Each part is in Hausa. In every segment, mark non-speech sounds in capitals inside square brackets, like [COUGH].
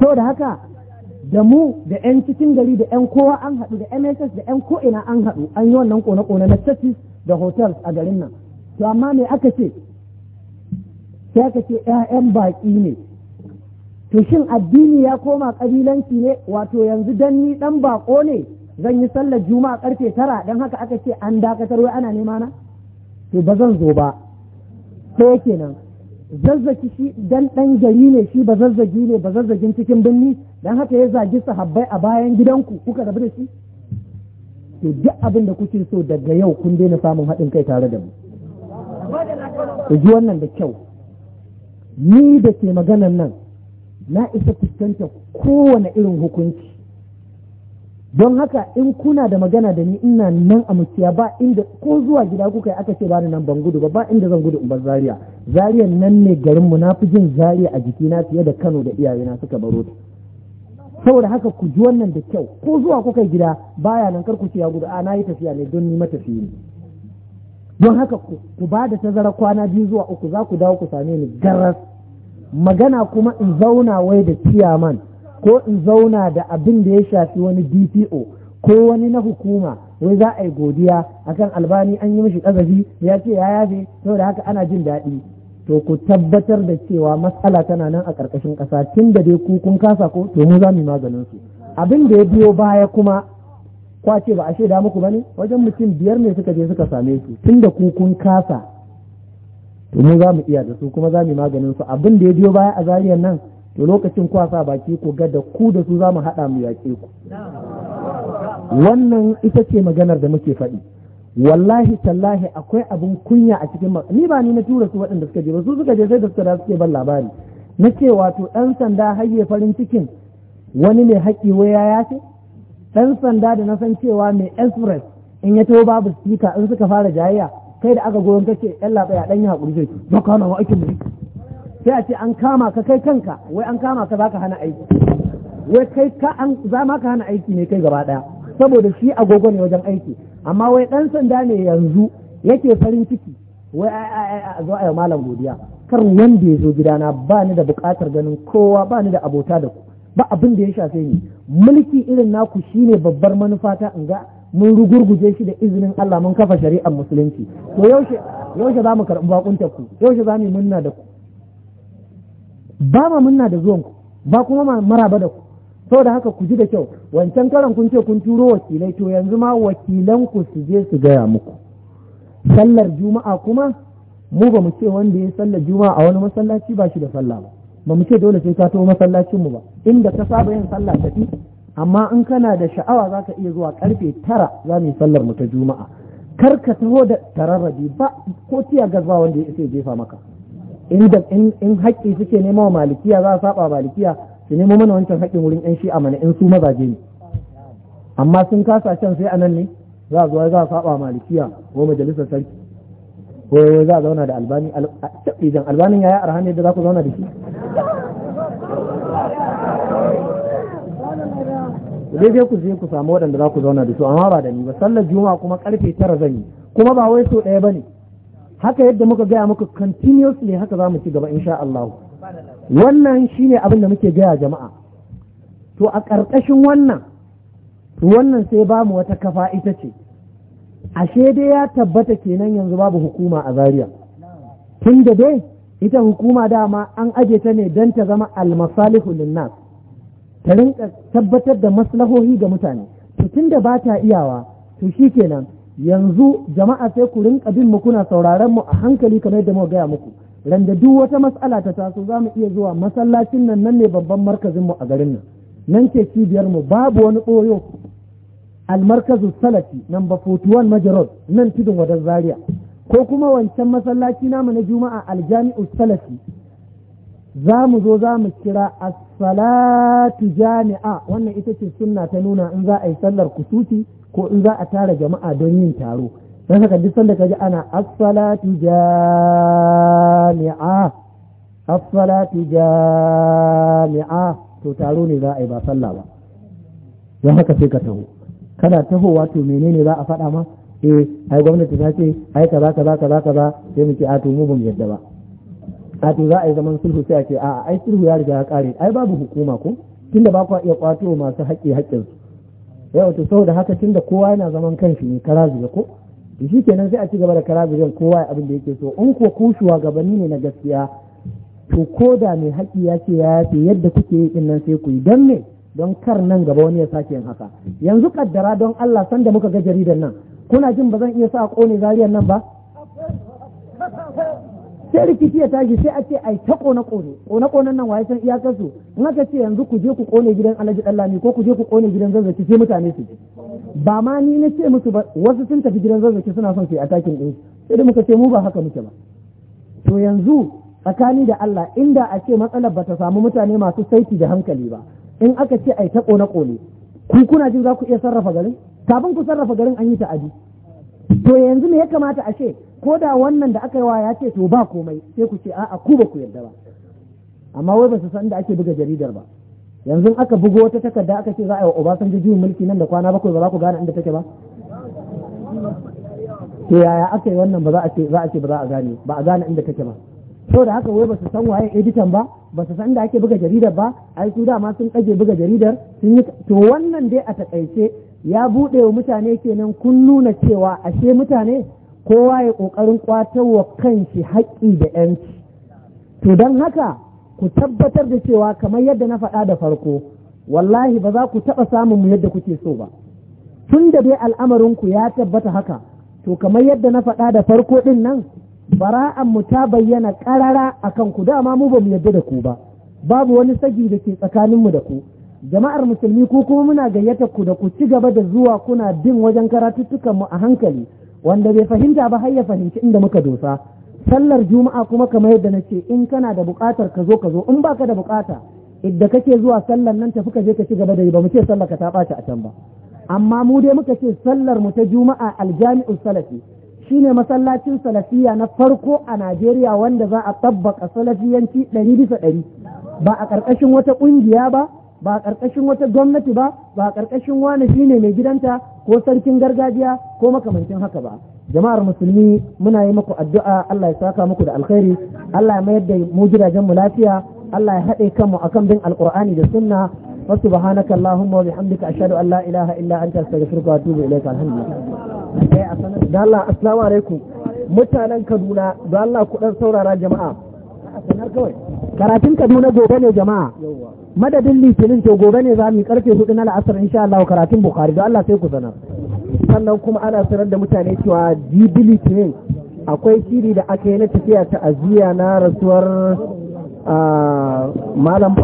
so da haka da mu da 'yan cikin gari da 'yan kowa an haɗu da mss da 'yan ko'ina an haɗu an yi wannan kone-kone na churches da hotels a garin nan to amma me aka ce sai aka ce 'ya'yan baƙi ne to shin addini ya koma ƙabilanci ne wato yanzu dan ni ɗan baƙo ne zan yi sallar juma'a karfe tara don haka aka ce an dakatar wai ana nema na to ba zan zo ba ɗaya kenan zazzaki shi dan dan gari ne shi ba zazzagi ne ba zazzagin cikin birni dan haka ya zagi sahabbai a bayan gidanku kuka rabu da shi to duk abin da kuke so daga yau kun daina samun haɗin kai tare da mu ku ji wannan da kyau ni da ke maganan nan na isa fuskantar kowane irin hukunci don haka in kuna da magana da ni ina nan a muciya ba inda ko zuwa gida kuka yi aka ce ba nan ban gudu ba ba inda zan gudu in bar zaria zariyan nan ne garin mu na fi jin Zariya a jiki na fiye da kano da iyayena suka baro ta saboda haka ku ji wannan da kyau ko zuwa kuka yi gida baya nan kar ku ce ya gudu a na yi tafiya ne don ni matafiya ne don haka ku ba da tazara kwana biyu zuwa uku za ku dawo ku same ni garas magana kuma in zauna wai da ciyaman ko in zauna da abin da ya shafi wani dpo ko wani na hukuma wai za a yi godiya akan albani an yi mishi ƙazafi ya ce ya yafe saboda haka ana jin daɗi to ku tabbatar da cewa matsala tana nan a ƙarƙashin ƙasa tun da dai ku kun kasa ko to mu za mu yi maganin su abin da ya biyo baya kuma kwace ba a shaida muku ne wajen mutum biyar ne suka je suka same su tun da ku kun kasa to mu za mu iya da su kuma za mu yi maganin su abin da ya biyo baya a zariyar nan to lokacin kwasa baki ko gada ku da su za mu haɗa mu yaƙe ku wannan ita ce maganar da muke faɗi wallahi tallahi akwai abin kunya a cikin ni ba ni na tura su waɗanda suka je ba su suka je sai da suka da suke ban labari na ce wato ɗan sanda hayye farin cikin wani mai haƙƙi waya ya ce ɗan sanda da na san cewa mai express in ya taho babu sika in suka fara jayayya kai da aka goyon kace yan labai a ɗan yi haƙuri sai ba ka ma aikin mu sai a ce an kama ka kai kanka wai an kama ka zaka hana aiki wai kai ka an za ma ka hana aiki ne kai gaba daya saboda shi agogo ne wajen aiki amma wai dan sanda ne yanzu yake farin ciki wai a zo a yi malam godiya kar wanda ya zo gidana ba ni da bukatar ganin kowa ba ni da abota da ku ba abin da ya shafe ni mulki irin naku shine babbar manufa ta in ga mun rugurguje shi da izinin Allah mun kafa shari'ar musulunci to yaushe yaushe za mu karɓi bakuntar ku yaushe za mu munna da ku ba ma munna da zuwanku ba kuma ba da ku saboda haka ku ji da kyau wancan karan kun ce kun turo wakilai to yanzu ma wakilanku su je su gaya muku sallar juma'a kuma mu ba mu ce wanda ya sallar juma'a a wani masallaci ba shi da sallah ba ba mu ce dole sai ka taho masallacin mu ba inda ka saba yin sallah tafi amma in kana da sha'awa zaka iya zuwa karfe tara za mu yi sallar mu ta juma'a kar ka taho da tararrabi ba ko tiya gazawa wanda ya isa jefa maka in haƙƙi suke nema wa malikiya za a saba malikiya su nemo mana wancan haƙƙin wurin yan shi'a mana in su mazaje ne amma sun kasa can sai a nan ne za a zuwa za a saba malikiya ko majalisar sarki ko za a zauna da albani idan albanin yaya a Rahane da za ku zauna da shi dai dai ku je ku samu waɗanda za ku zauna da su amma ba da ni ba sallar juma'a kuma karfe tara zan yi kuma ba wai so ɗaya ba ne haka yadda muka gaya muka continuously haka za mu ci gaba insha Allah wannan shine abin da muke gaya jama'a to a ƙarƙashin wannan to wannan sai ba mu wata kafa ita ce ashe dai ya tabbata kenan yanzu babu hukuma a Zaria tun da dai ita hukuma dama an aje ta ne don ta zama almasalihu linnas ta rinka tabbatar da maslahohi ga mutane to tun da ba ta iyawa to shi kenan yanzu jama'a sai ku rinka bin mu kuna sauraron mu a hankali kamar yadda muka gaya muku randa duk wata mas'ala ta taso za mu iya zuwa masallacin nan nan ne babban markazin mu a garin nan nan ke cibiyar mu babu wani ɓoyo almarkazu salafi number 41 majarod nan tudun wadan zaria ko kuma wancan masallaci namu na juma'a aljami'u salafi za mu zo za mu kira as-salatu jami'a wannan ita ce sunna ta nuna in za a yi sallar kusuti ko in za a tara jama'a don yin taro don haka duk sanda ka ji ana as jami'a as jami'a to taro ne za a yi ba sallah ba don haka sai ka taho kana tahowa to menene za a faɗa ma eh ai gwamnati ta ce ai kaza kaza kaza kaza sai muke ce a to mu yadda ba a to za a yi zaman sulhu sai a ce a ai sulhu ya riga ya kare ai babu hukuma ko tunda ba ku iya kwato masu haƙƙi haƙƙinsu yau to saboda haka tun da kowa yana zaman kanshi ne kara ko da shi kenan sai a ci gaba da kara zugan kowa ya abin da yake so in ko ku gabani ne na gaskiya to ko da mai haƙƙi ya ce ya yafe yadda kuke yi din nan sai ku yi don me don kar nan gaba wani ya sake yin haka yanzu kaddara don Allah sanda muka ga jaridar nan kuna jin ba zan iya sa ƙone zariyar nan ba sai rikici ya tashi sai a ce ai ta kone kone kone konen nan waye san iyakar su in aka ce yanzu ku je ku kone gidan Alhaji Dallami ko ku je ku kone gidan zazzaki sai mutane su ba ma ni na ce musu ba wasu sun tafi gidan zazzaki suna son su yi attacking din sai da muka ce mu ba haka muke ba to yanzu tsakani da Allah inda a ce matsalar ba ta samu mutane masu saiti da hankali ba in aka ce ai ta kone kone ku kuna jin za ku iya sarrafa garin kafin ku sarrafa garin an yi ta'adi to yanzu me ya kamata a ce ko da wannan da aka yi wa ya ce to ba komai sai ku ce a'a ku ba ku yarda ba amma wai ba su san da ake buga jaridar ba yanzu aka bugo wata takarda aka ce za a yi wa Obasanjo juyin mulki nan da kwana bakwai ba za ku gane inda take ba to yaya aka yi wannan ba za a ce za a ce ba za a gane ba a gane inda take ba to da haka wai ba su san waye editan ba ba su san da ake buga jaridar ba ai su dama sun kage buga jaridar sun yi to wannan dai a takaice ya buɗe wa mutane kenan kun nuna cewa ashe mutane kowa ya ƙoƙarin wa kanshi haƙƙi da ‘yanci to don haka ku tabbatar da cewa kamar yadda na faɗa da farko wallahi ba za ku taɓa samun mu yadda kuke so ba tun da dai al'amarinku ya tabbata haka to kamar yadda na faɗa da farko ɗin nan bara'an mu ta bayyana ƙarara a kan ku dama mu ba mu yadda da ku ba babu wani sagi da ke tsakaninmu da ku jama'ar musulmi ku kuma muna gayyata ku da ku ci gaba da zuwa kuna bin wajen karatuttukan mu a hankali wanda bai fahimta ba har ya fahimci inda muka dosa sallar juma'a kuma kamar yadda na ce in kana da buƙatar ka zo ka zo in baka da buƙata idda kake zuwa sallar nan tafi ka je ka ci gaba da yi ba mu ce sallar ka ta ɓaci a can ba amma mu dai muka ce sallar mu ta juma'a aljami'ul salafi shine masallacin salafiya na farko a Najeriya wanda za a tabbaka salafiyanci ɗari bisa ɗari ba a ƙarƙashin wata ƙungiya ba ba ƙarƙashin wata gwamnati ba ba ƙarƙashin wani shine mai gidanta ko sarkin gargajiya ko makamancin haka ba jama'ar musulmi muna yi muku addu'a Allah ya saka muku da alkhairi Allah ya mayar da mu gidajen mu lafiya Allah ya haɗe kanmu akan bin alqur'ani da sunna wa subhanaka allahumma wa bihamdika ashhadu an la ilaha illa anta astaghfiruka wa atubu ilayka alhamdulillah Allah assalamu alaikum mutanen Kaduna da Allah ku dan saurara jama'a sanar kawai karatun Kaduna gobe ne jama'a madadin litinin to gobe ne za mu karfe hudu na la'asar insha Allah karatun bukari don Allah sai ku zana sannan kuma ana sanar da mutane cewa jibi litinin akwai shiri da aka yi na tafiya ta aziya na rasuwar ah, malam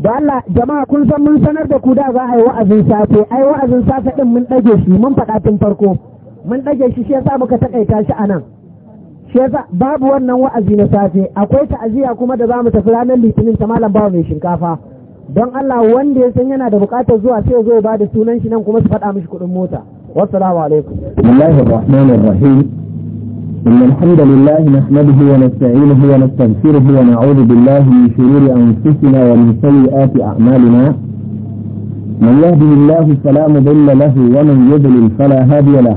da Allah jama'a kun san mun sanar da ku da za a yi wa'azin safe ai wa'azin safe din mun ɗage shi mun faɗa tun farko mun ɗage shi shi yasa muka taƙaita shi a nan shi yasa babu wannan wa'azi na safe akwai ta'aziyya kuma da zamu tafi ranar litinin ta malam bawa mai shinkafa don Allah wanda ya san yana da bukatar zuwa sai zo ba da sunan shi nan kuma su faɗa mishi kuɗin mota wassalamu alaikum bismillahir rahmanir rahim إن الحمد لله نحمده ونستعينه ونستغفره ونعوذ بالله من شرور أنفسنا ومن سيئات أعمالنا من يهده الله فلا مضل له ومن يضلل فلا هادي له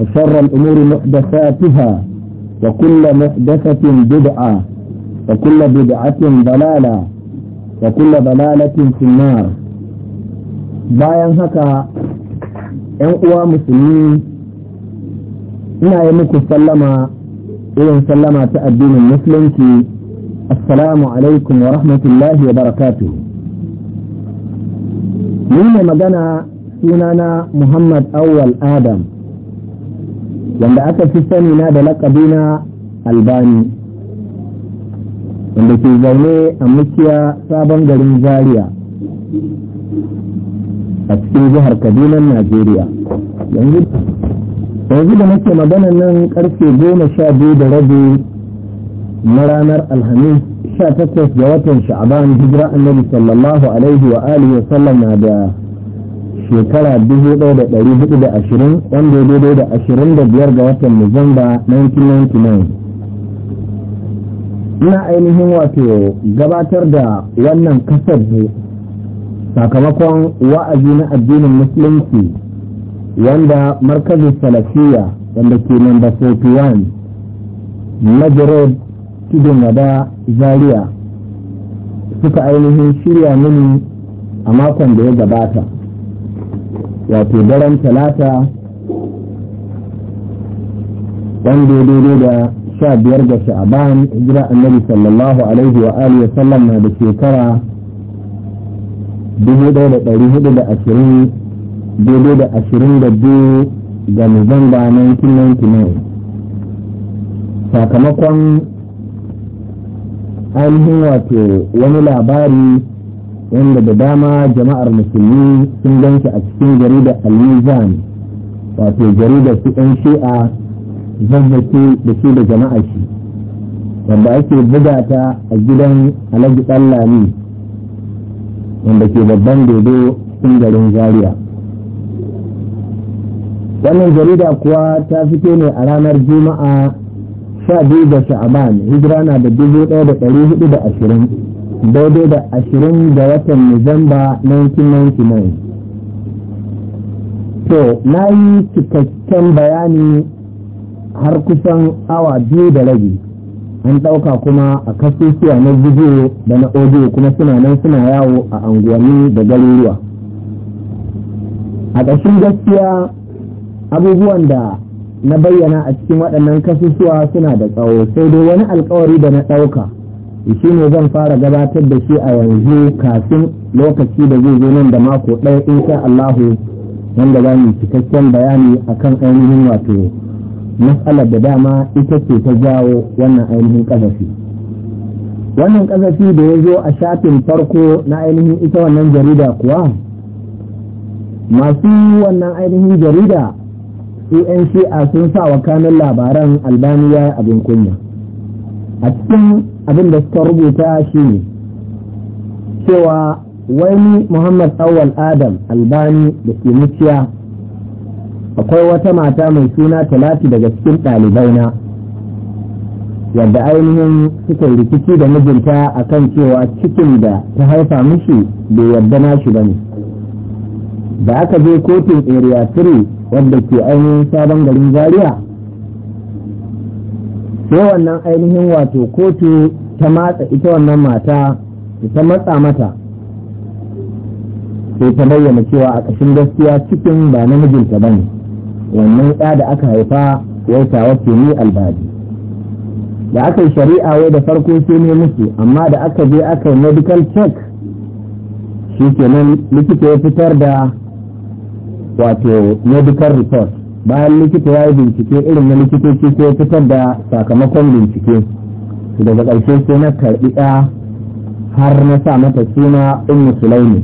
وشر الأمور محدثاتها وكل محدثة بدعة وكل بدعة ضلالة وكل ضلالة في النار بايا هكا أقوى مسلمين إلى يومك سلم إلى سلم تأدين المسلم في السلام عليكم ورحمة الله وبركاته مين مدنا سنانا محمد أول آدم wanda aka fi sani na da laƙabi na albani wanda ke zaune a mukiya sabon garin zaria a cikin jihar kaduna najeriya yanzu da nake magana nan karfe goma sha biyu da rabi na ranar alhamis sha takwas ga watan sha'aban hijira annabi sallallahu alaihi wa alihi wa sallam na da shekara dubu ɗaya da wanda daidai da ashirin da biyar ga watan Nuwamba 1999. Ina ainihin wato gabatar da wannan kasar ne sakamakon wa'azi na addinin musulunci wanda markazin salafiya wanda ke namba 41 majarar tudun wada zaria suka ainihin shirya mini a makon da ya gabata. wato daren talata ɗan daidai da sha biyar ga sha'aban hijira annabi sallallahu alaihi wa alihi wa sallam na da shekara dubu ɗaya da ɗari hudu da ashirin daidai da ashirin da biyu ga Nuwamba 1999 sakamakon ainihin wato wani labari wanda da dama jama'ar musulmi sun ganshi a cikin jarida al-mizan wato jarida su ɗan shi'a zazzaki da shi da jama'a shi wanda ake buga ta a gidan alhaji ɗallami wanda ke babban dodo cikin garin zaria wannan jarida kuwa ta fito ne a ranar juma'a sha biyu da sha'aban hijira na da dubu ɗaya da ɗari hudu da ashirin daidai da ashirin da watan Nuwamba 1999. To, na yi cikakken bayani har kusan awa biyu da rabi, an ɗauka kuma a kasusuwa na bidiyo da na audio kuma suna nan suna yawo a anguwanni da garuruwa. A ƙashin gaskiya abubuwan da na bayyana a cikin waɗannan kasusuwa suna da tsawo sai dai wani alkawari da na ɗauka. shi ne zan fara gabatar da shi a yanzu kafin lokaci da zai zo nan da mako ɗaya in sha Allahu wanda za mu cikakken bayani akan ainihin wato matsalar da dama ita ce ta jawo wannan ainihin ƙazafi wannan ƙazafi da ya zo a shafin farko na ainihin ita wannan jarida kuwa masu wannan ainihin jarida su 'yan shi'a sun sa wa kanun labaran albaniya abin kunya a cikin abin da suka rubuta shi ne cewa wani muhammad awal adam albani da ke muciya akwai wata mata mai suna talati daga cikin ɗalibaina yadda ainihin suka rikici da mijinta akan cewa cikin da ta haifa mishi bai yarda nashi ba ne da aka je kotun area 3 wadda ke ainihin sabon garin zaria sai wannan ainihin wato kotu ta matsa ita wannan mata ta matsa mata sai ta bayyana cewa a ƙashin gaskiya cikin ba na mijinta ba ne wannan 'ya da aka haifa ya tawa wace ni albadi da aka yi shari'a wai da farko sai ne musu amma da aka je aka yi medical check shi kenan likita ya fitar da wato medical report bayan likita ya yi bincike irin na likitoci sai fitar da sakamakon bincike daga ƙarshe sai na karɓi ɗaya har na sa mata suna ummu sulaimi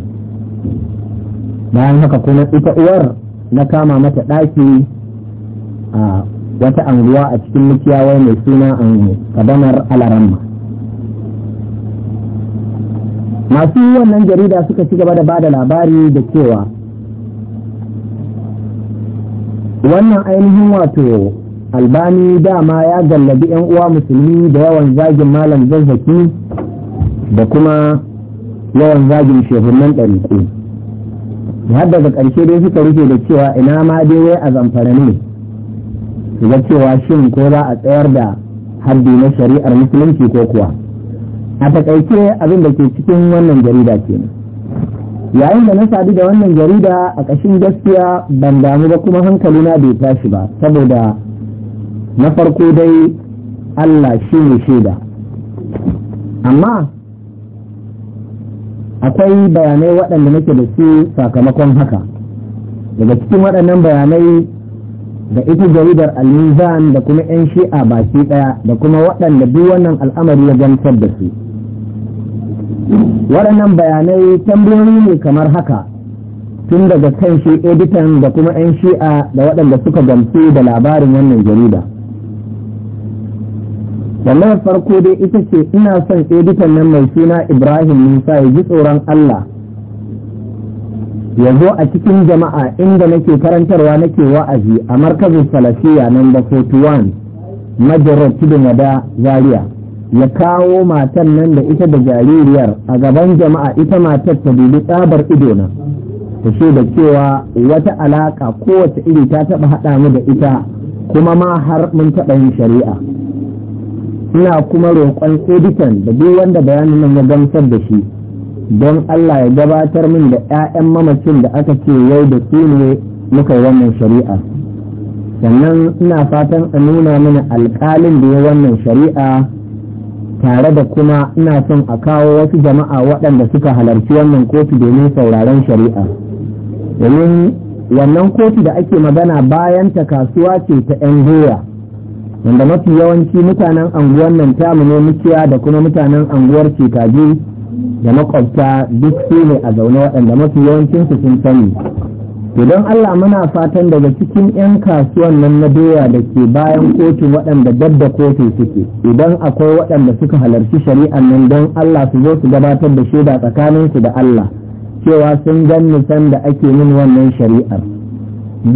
bayan haka kuma ita uwar na kama mata ɗaki a wata anguwa a cikin mukiyawai mai suna an kadanar alaramma masu wannan jarida suka ci gaba da ba da labari da cewa wannan ainihin wato albani dama ya gallabi 'yan uwa musulmi da yawan zagin malam zazzaki da kuma yawan zagin shehunan ɗariƙo har daga ƙarshe dai suka rufe da cewa ina ma dai wai a zamfara ne su ga cewa shin ko za a tsayar da haddi na shari'ar musulunci ko kuwa a takaice abin da ke cikin wannan jarida kenan yayin da na sadu da wannan jarida a ƙashin gaskiya ban damu ba kuma hankali na bai tashi ba saboda na farko dai Allah shi ne shaida amma akwai bayanai waɗanda nake da su sakamakon haka daga cikin waɗannan bayanai da ita jaridar almizan da kuma 'yan shi'a baki ɗaya da kuma waɗanda duk wannan al'amari ya gamsar da su waɗannan bayanai tambayoyi ne kamar haka tun daga kan shi editan da kuma 'yan shi'a da waɗanda suka gamsu da labarin wannan jarida wannan farko dai ita ce ina son editan nan mai suna ibrahim musa ya ji tsoron allah ya zo a cikin jama'a inda nake karantarwa nake wa'azi a markazin salafiya nan da 41 majalar tudun wada zaria ya kawo matan nan da ita da jaririyar a gaban jama'a ita matar ta dubi tsabar idona ta ce da cewa wata alaka kowace iri ta taba haɗa mu da ita kuma ma har mun taɓa yin shari'a ina kuma roƙon editan da duk wanda bayanin nan ya gamsar da shi don Allah ya gabatar min da 'ya'yan mamacin da aka ce yau da su ne muka yi wannan shari'a sannan ina fatan a nuna mana alƙalin da ya wannan shari'a tare da kuma ina son a kawo wasu jama'a waɗanda suka halarci wannan kotu domin sauraron shari'a domin wannan kotu da ake magana bayan ta kasuwa ce ta 'yan goya wanda mafi yawanci mutanen anguwar nan ta ne mukiya da kuma mutanen anguwar cekaji da makwabta duk su ne a zaune waɗanda mafi yawancinsu sun sani idan Allah muna fatan daga cikin 'yan kasuwan nan na doya da ke bayan kotun waɗanda dadda kotu suke idan akwai waɗanda suka halarci shari'an nan don Allah su zo su gabatar da shaida tsakaninsu da Allah cewa sun gan nisan da ake min wannan shari'ar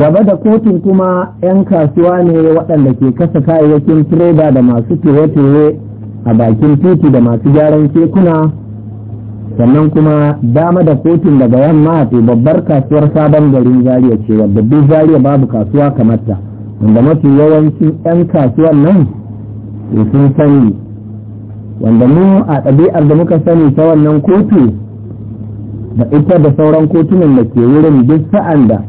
gaba da kotun kuma 'yan kasuwa ne waɗanda ke kasa kayayyakin tireda da masu tewe-tewe a bakin titi da masu gyaran kekuna sannan kuma dama da kotun daga yamma ce babbar kasuwar sabon garin zariya ce wadda duk zariya babu kasuwa kamar ta wanda mafi yawancin 'yan kasuwar nan sun sani wanda mu a ɗabi'ar da muka sani ta wannan kotu da ita da sauran kotunan da ke wurin duk sa'an da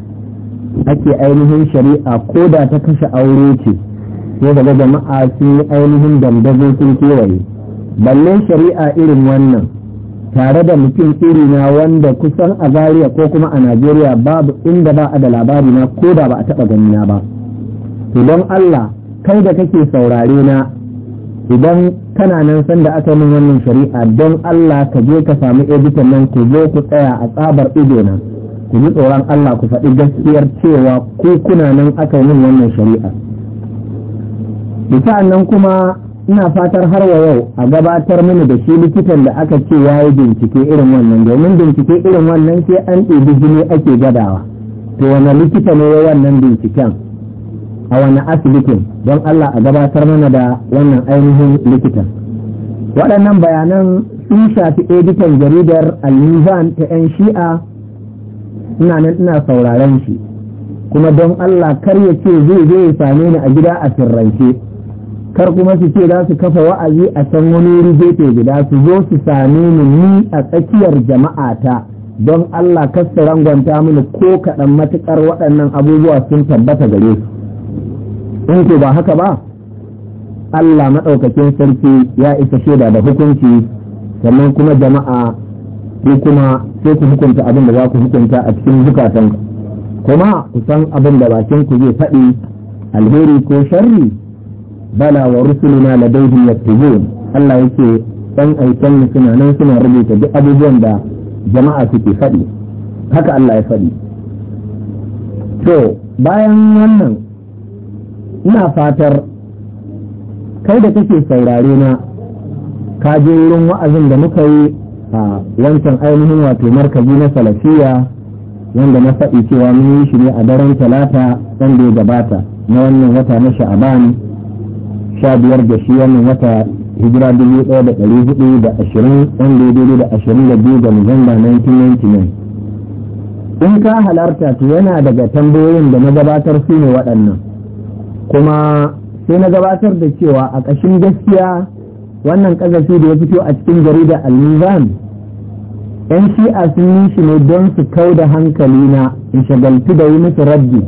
ake ainihin shari'a ko da ta kashe aure ce sai daga jama'a sun yi ainihin dandazo sun kewaye balle shari'a irin wannan tare da mutum na wanda kusan a Zariya ko kuma a najeriya babu inda ba a da labari na ko da ba a taɓa na ba to don allah kai da kake saurare na idan kana nan sanda aka min wannan shari'a don allah ka je ka samu editan nan ku zo ku tsaya a tsabar ido na ku ji tsoron allah ku faɗi gaskiyar cewa ku kuna nan aka min wannan shari'a bisa nan kuma ina fatar har wa yau a gabatar mini da shi likitan da aka ce ya yi bincike irin wannan domin bincike irin wannan sai an ɗebi jini ake gadawa to wani likita ne ya wannan binciken a wani asibitin don Allah a gabatar mana da wannan ainihin likitan waɗannan bayanan sun shafi editan jaridar al ta 'yan shi'a ina nan ina sauraren shi kuma don Allah kar ya ce zai zai same ni a gida a sirrance kar kuma su ce za su kafa wa'azi a can wani wuri gefe guda su zo su sami ni ni a tsakiyar jama'ata don Allah kasta rangwanta mini ko kaɗan matuƙar waɗannan abubuwa sun tabbata gare su in ko ba haka ba Allah maɗaukakin sarki ya isa shaida da hukunci sannan kuma jama'a ko kuma sai ku hukunta abin da za ku hukunta a cikin zukatan kuma ku san abin da bakin ku zai faɗi alheri ko sharri bala wa rusuluna ladayhim yaktubun Allah yake dan aikan mu suna nan suna rubuta duk abubuwan da jama'a suke faɗi haka Allah ya faɗi to bayan wannan ina fatar kai da kake saurare na ka je wurin wa'azin da muka yi a wancan ainihin wato markazi na salafiya wanda na faɗi cewa mun yi shi ne a daren talata wanda ya gabata na wannan wata na sha'aban sha biyar da shi wannan wata hijira dubu ɗaya da ɗari hudu da ashirin wanda ya dubu da ashirin da biyu ga Nuwamba 1999. In ka halarta to yana daga tambayoyin da na gabatar su ne waɗannan. Kuma sai na gabatar da cewa a ƙashin gaskiya wannan ƙazafi da ya fito a cikin jarida al-Nizam ‘yan shi'a sun yi shi ne don su kau da hankali na in shagaltu da yi musu rabbi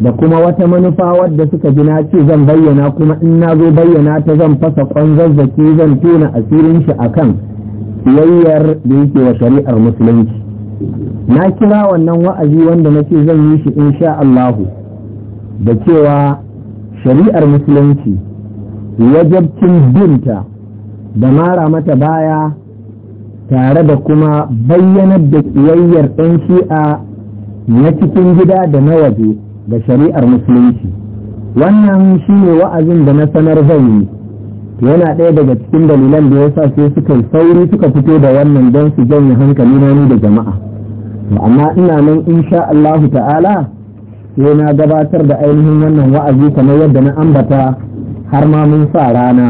da kuma wata manufa wadda suka ji na ce zan bayyana kuma in na zo bayyana ta zan fasa kwan zazzaki zan tona asirin shi kan siyayyar da yake wa shari'ar musulunci na kira wannan wa'azi wanda na ce zan yi shi in sha Allahu da cewa shari'ar musulunci wajabcin binta da mara mata baya tare da kuma bayyanar da kiyayyar ɗan shi'a na cikin gida da na waje da shari'ar musulunci wannan shi ne wa'azin da na sanar zan yi yana ɗaya daga cikin dalilan da ya sa sai suka sauri suka fito da wannan don su janye hankali na ni da jama'a amma ina nan insha Allahu ta'ala sai na gabatar da ainihin wannan wa'azi kamar yadda na ambata har ma mun sa rana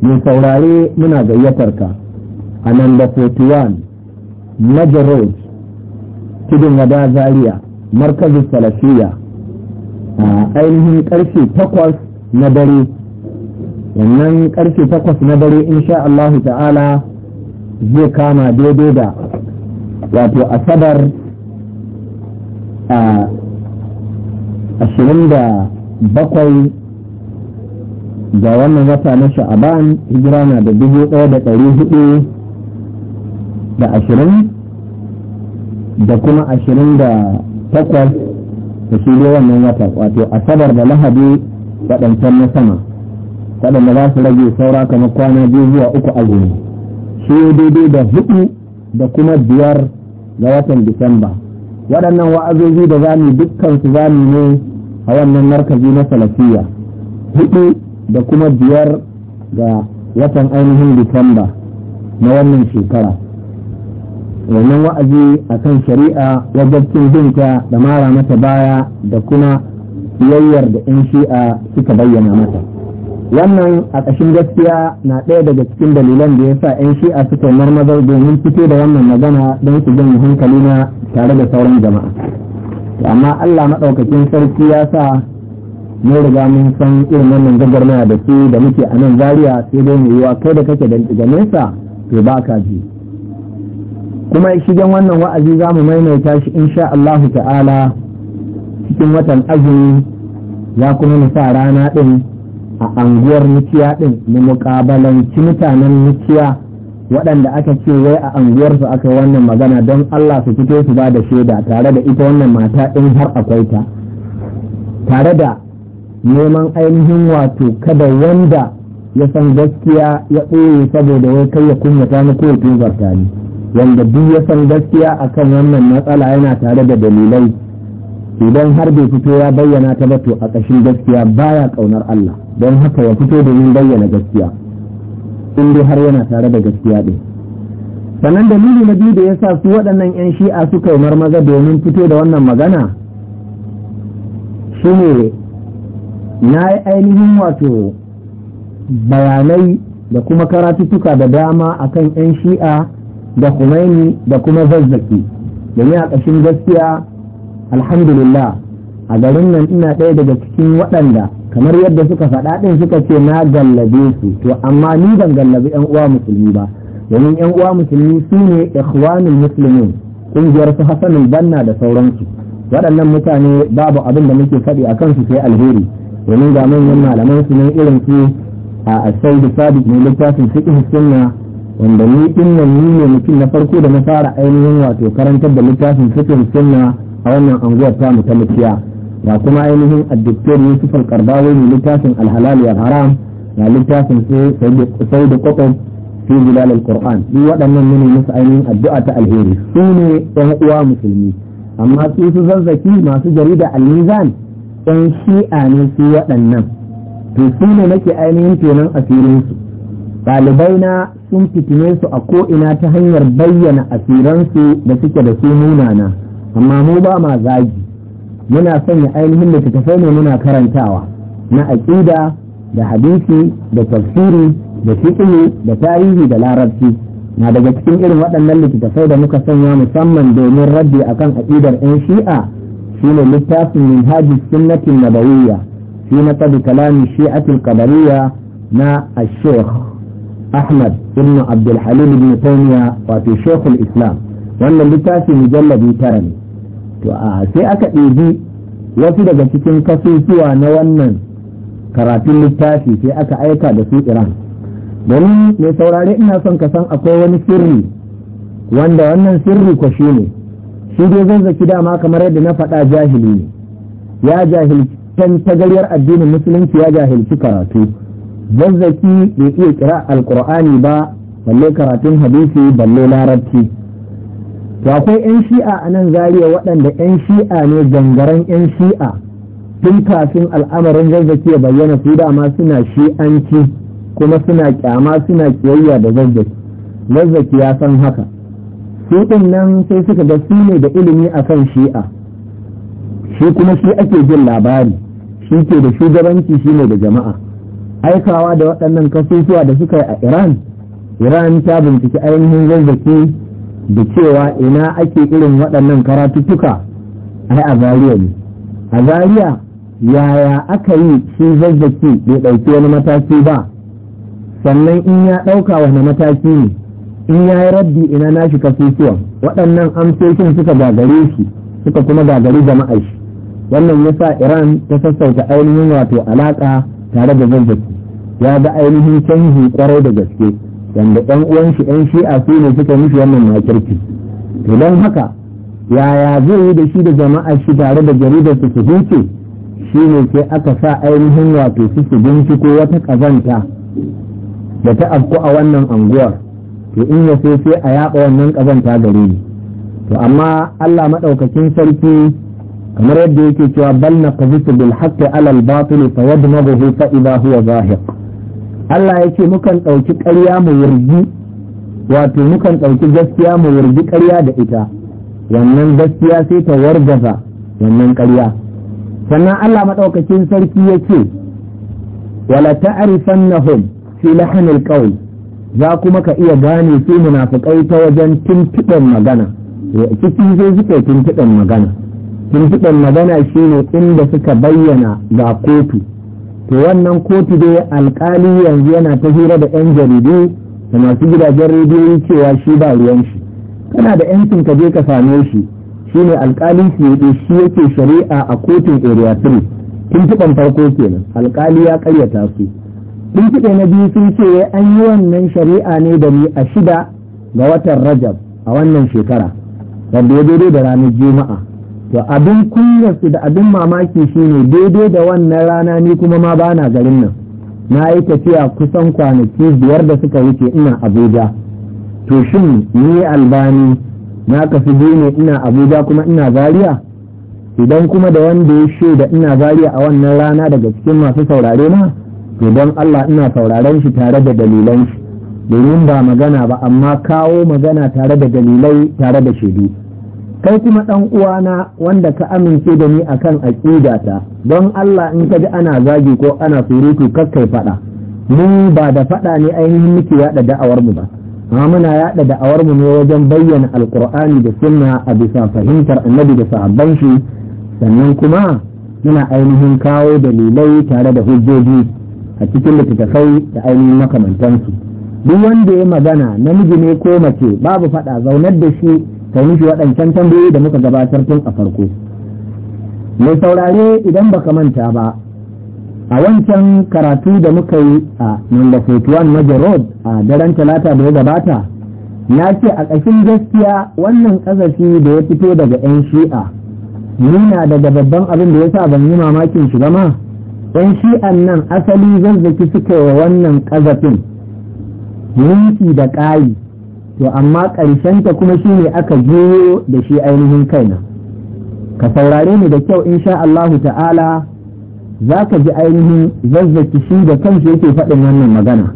mun saurare muna gayyatar ka a nan da 41 major road tudun wada zaria markazin salafiya a ainihin karfe takwas na dare wannan karfe takwas na dare insha Allahu ta'ala zai kama daidai da wato asabar a ashirin da bakwai ga wannan wata na sha'aban hijira na da dubu ɗaya da ɗari hudu da ashirin da kuma ashirin da takwas da shi dai wannan watan wato asabar da lahadi waɗancan na sama waɗanda za su rage saura kamar kwana biyu zuwa uku a goma shi daidai da hudu da kuma biyar ga watan disamba waɗannan wa'azozi da za mu dukkan su za mu ne a wannan markazi na salafiya hudu da kuma biyar ga watan ainihin disamba na wannan shekara wannan wa'azi a kan shari'a wajabcin jinta da mara mata baya da kuma yayyar da 'yan shi'a suka bayyana mata wannan a ƙashin gaskiya na ɗaya daga cikin dalilan da ya sa 'yan shi'a suka marmazar domin fito da wannan magana don su jin hankali na tare da sauran jama'a amma allah maɗaukakin sarki ya sa mun riga mun san irin wannan gagarmaya da su da muke a nan zaria sai dai mu yiwa kai da kake da nesa to ba ka ji kuma shigen wannan wa'azi za mu maimaita shi insha Allah ta'ala cikin watan azumi ya kuma mu sa rana ɗin a anguwar nukiya ɗin mu muƙabalanci mutanen nukiya waɗanda aka ce wai a anguwarsu aka yi wannan magana don Allah su fito su ba da shaida tare da ita wannan mata ɗin har akwai ta tare da neman ainihin wato kada wanda ya san gaskiya ya ɓoye saboda wai kai ya kunyata ni ko ya wanda duk ya san gaskiya akan wannan matsala yana tare da dalilai idan har bai fito ya bayyana ta ba to a ƙashin gaskiya baya ƙaunar Allah don haka ya fito domin bayyana gaskiya in dai har yana tare da gaskiya ɗin sannan dalili na biyu da ya sa su waɗannan 'yan shi'a suka yi marmaza domin fito da wannan magana ne na yi ainihin wato bayanai da kuma karatuttuka da dama akan 'yan shi'a da Khomeini da kuma zazzaki domin a ƙashin gaskiya alhamdulillah a garin nan ina ɗaya daga cikin waɗanda kamar yadda suka faɗa ɗin suka ce na gallabe su to amma ni ban gallabi yan uwa musulmi ba domin yan uwa musulmi su ne ikhwanul muslimin ƙungiyar su hasanul banna da sauransu waɗannan mutane babu abin da muke faɗi a kansu sai alheri domin ga manyan malaman su ne irin su a asai da sabi ne littafin fiqh sunna wanda ni din nan ni ne mutum na farko da na fara ainihin wato karantar da littafin fikin sunna a wannan anguwar tamu ta mutiya ga kuma ainihin addiktor yusuf al-qardawi ne littafin al-halal wal haram ga littafin sai da kwakwam fi bilal al-qur'an duk waɗannan ne musu ainihin addu'a ta alheri su ne ɗan uwa musulmi amma su su zazzaki masu jarida al-mizan ɗan shi'a ne su waɗannan to su ne nake ainihin kenan asirinsu ɗalibai na sun fitine su a ko'ina ta hanyar bayyana asiransu da suke da su munana amma mu ba ma zagi muna sanya ainihin littattafai ne muna karantawa na aƙida da hadisi da tafsiri da fiƙihi da tarihi da larabci na daga cikin irin waɗannan littattafai da muka sanya musamman domin rabbi akan aƙidar 'yan shi'a shine littafin minhajis sunnatin nabawiyya shi na tabi kalamin shi'atul qadariyya na ash ahmad ibn abdulhalim ibn taymiya wato shekul islam wannan littafi mujallabi tara ne to a sai aka ɗebi wasu daga cikin kasusuwa na wannan karatun littafi sai aka aika da su iran domin mai saurare ina son ka san akwai wani sirri wanda wannan sirri ko shi ne shi dai zazzaki dama kamar yadda na faɗa jahili ne ya jahilci can tagaryar addinin musulunci ya jahilci karatu zazzaki bai iya kira alkur'ani ba balle karatun hadisi balle larabci to akwai yan shi'a a nan zariya waɗanda yan shi'a ne gangaren yan shi'a tun kafin al'amarin zazzaki ya bayyana su dama suna shi'anci kuma suna kyama suna kiyayya da zazzaki zazzaki ya san haka su ɗin nan sai suka ga su ne da ilimi a kan shi'a shi kuma shi ake jin labari shi ke da shugabanci shi ne da jama'a aikawa da waɗannan kasusuwa da suka yi a iran iran ta binciki ainihin zazzaki da cewa ina ake irin waɗannan karatuttuka ai a zariya ne a zariya yaya aka yi shi zazzaki bai ɗauki wani mataki ba sannan in ya ɗauka wani mataki ne in ya yi rabbi ina nashi kasusuwan waɗannan amsoshin suka gagare shi suka kuma gagari jama'a shi wannan ya sa iran ta sassauta ainihin wato alaƙa tare da zazzaki ya ga ainihin canji kwarai da gaske wanda ɗan uwan shi ɗan shi'a su ne suka mishi wannan makirki to don haka yaya zai yi da shi da jama'a shi tare da jaridar su huce shi ne sai aka sa ainihin wato su su binciko wata kazanta da ta afku a wannan anguwar to in ya sai sai a yaɓa wannan kazanta gare ni to amma Allah maɗaukakin sarki kamar yadda yake cewa bal na bil haqqi ala al batil fa yadmaghu fa idha huwa zahiq Allah yake mukan ƙarya mu wurgi wato mukan ɗauki gaskiya mu wurgi ƙarya da ita wannan gaskiya sai ta wargaza wannan ƙarya sannan Allah maɗaukacin sarki ya ce wala ta'rifannahum fi lahanil qawl za kuma ka iya gane su munafiƙai ta wajen tuntuɓen magana ciki zai suke tuntuɓen magana tuntuɓar magana shi ne inda suka bayyana ga kotu to wannan kotu dai alkali yanzu yana ta hira da 'yan jaridu da masu gidajen rediyoyi cewa shi ba ruwan shi kana da 'yancin ka je ka same shi shine alkali su shi yake shari'a a kotun area 3 tuntuɓan farko kenan alkali ya karyata su tuntuɓe na biyu sun ce an yi wannan shari'a ne da ni a shida ga watan rajab a wannan shekara wanda ya daidai da ranar juma'a to abin su da abin mamaki shine daidai da wannan rana ni kuma ma bana garin nan na yi tafiya kusan kwanaki biyar da suka wuce ina abuja to shin ni albani na kafi ne ina abuja kuma ina zariya idan kuma da wanda ya da ina zariya a wannan rana daga cikin masu saurare na to don allah ina sauraren shi tare da dalilan shi domin ba magana ba amma kawo magana tare da dalilai tare da shaidu kai kuma ɗan uwana wanda ka amince da ni akan aƙidata don Allah in ka ji ana zagi ko ana surutu kakkai faɗa mu ba da faɗa ne ainihin muke yaɗa da'awar mu ba amma muna yaɗa da'awar mu ne wajen bayyana alkur'ani da sunna a bisa fahimtar annabi da sahabban shi sannan kuma muna ainihin kawo dalilai tare da hujjoji a cikin littattafai da ainihin makamantansu duk wanda ya magana namiji ne ko mace babu faɗa zaunar da shi kai mishi waɗancan tambayoyi da muka gabatar tun a farko mai saurare idan baka manta ba a wancan karatu da muka yi a number 41 major road a daren talata da ya gabata na ce a ƙashin gaskiya wannan ƙasashe da ya fito daga 'yan shi'a nuna daga babban abin da ya sa ban yi mamakin shi ma 'yan shi'an nan asali zazzaki suka wa wannan ƙazafin yanki da ƙayi to amma ƙarshenta kuma shi ne aka juyo da shi ainihin kaina ka saurare ni da kyau insha Allahu ta'ala za ka ji ainihin zazzaki shi da kanshi yake faɗin wannan magana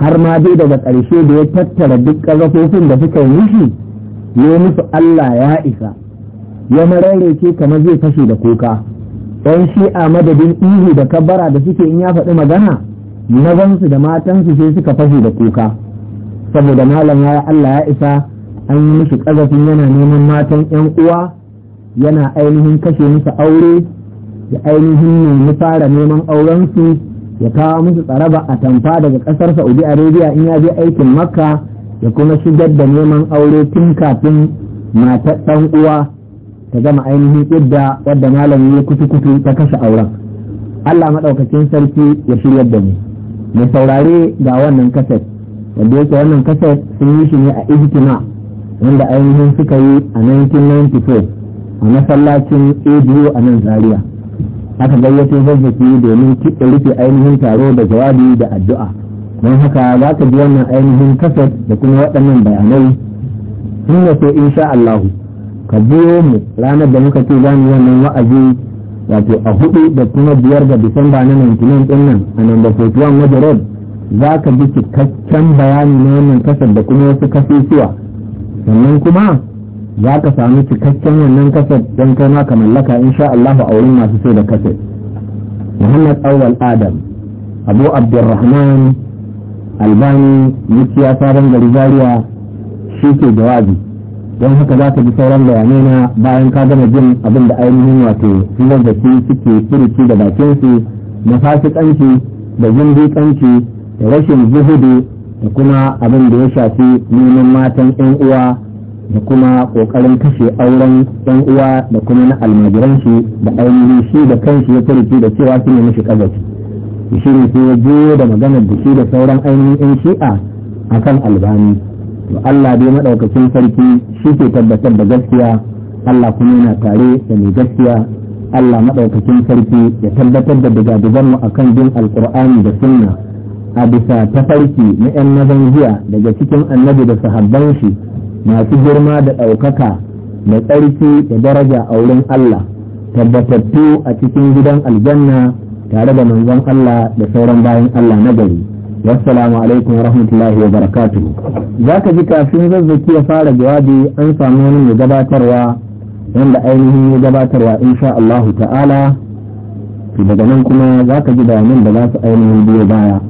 har ma dai daga ƙarshe da ya tattara duk ƙarfafofin da suka yi shi ne musu Allah ya isa ya ce kamar zai fashe da kuka ɗan a madadin ihu da kabara da suke in ya faɗi magana na mazansu da matansu sai suka fashe da kuka saboda malam ya yi Allah ya isa an yi mishi ƙazafin yana neman matan yan uwa yana ainihin kashe musu aure ya ainihin nemi fara neman aurensu ya kawo musu tsaraba a tamfa daga ƙasar saudi arabia in ya je aikin makka ya kuma shigar da neman aure tun kafin matar ɗan uwa ta gama ainihin idda wadda malam ya kutu kutu ta kashe auren allah maɗaukacin sarki ya shirya da mu mai saurare ga wannan kasar wanda yake wannan kasar sun yi shi ne a ijtima wanda ainihin suka yi a 1994 a masallacin abu a nan zaria aka gayyato zazzaki domin kiɗa rufe ainihin taro da jawabi da addu'a don haka za ka ji wannan ainihin kasar da kuma waɗannan bayanai sun so sha Allahu ka biyo mu ranar da muka ce za mu wannan wa'azi wato a hudu da kuma biyar ga disamba na 99 a nan a number wajen road za ka bi cikakken bayani na wannan kasar da kuma wasu kasusuwa sannan kuma za ka sami cikakken wannan kasar don kai ma ka mallaka sha Allah a wurin masu sai da kasar Muhammad Awal Adam Abu Abdulrahman Albani Mutiya Sabon Gari Zaria shi ke jawabi don haka za ka ji sauran bayanai na bayan ka gama jin abin da ainihin wato sunan da suke furuci da bakinsu na fasikanci da zindiƙanci rashin zuhudu da kuma abin da ya shafi neman matan 'yan uwa da kuma ƙoƙarin kashe auren 'yan uwa da kuma na almajiran shi da ainihin shi da kanshi ya furuci da cewa su ne mishi da shi ne sai ya juyo da maganar da shi da sauran ainihin yan shi'a akan albani to Allah dai madaukakin sarki shi ke tabbatar da gaskiya Allah kuma yana tare da mai gaskiya Allah maɗaukacin sarki ya tabbatar da daga mu akan bin alkur'ani da sunna a bisa tafarki na 'yan mazan jiya daga cikin annabi da sahabban shi masu girma da ɗaukaka da tsarki da daraja a wurin Allah tabbatattu a cikin gidan aljanna tare da manzon Allah da sauran bayan Allah na gari wassalamu alaikum wa rahmatullahi wa barakatuhu za ka ji kafin zazzaki ya fara jawabi an samu wani mai gabatarwa wanda ainihin ya gabatarwa insha Allah ta'ala daga nan kuma za ka ji bayanan da za su ainihin biyo baya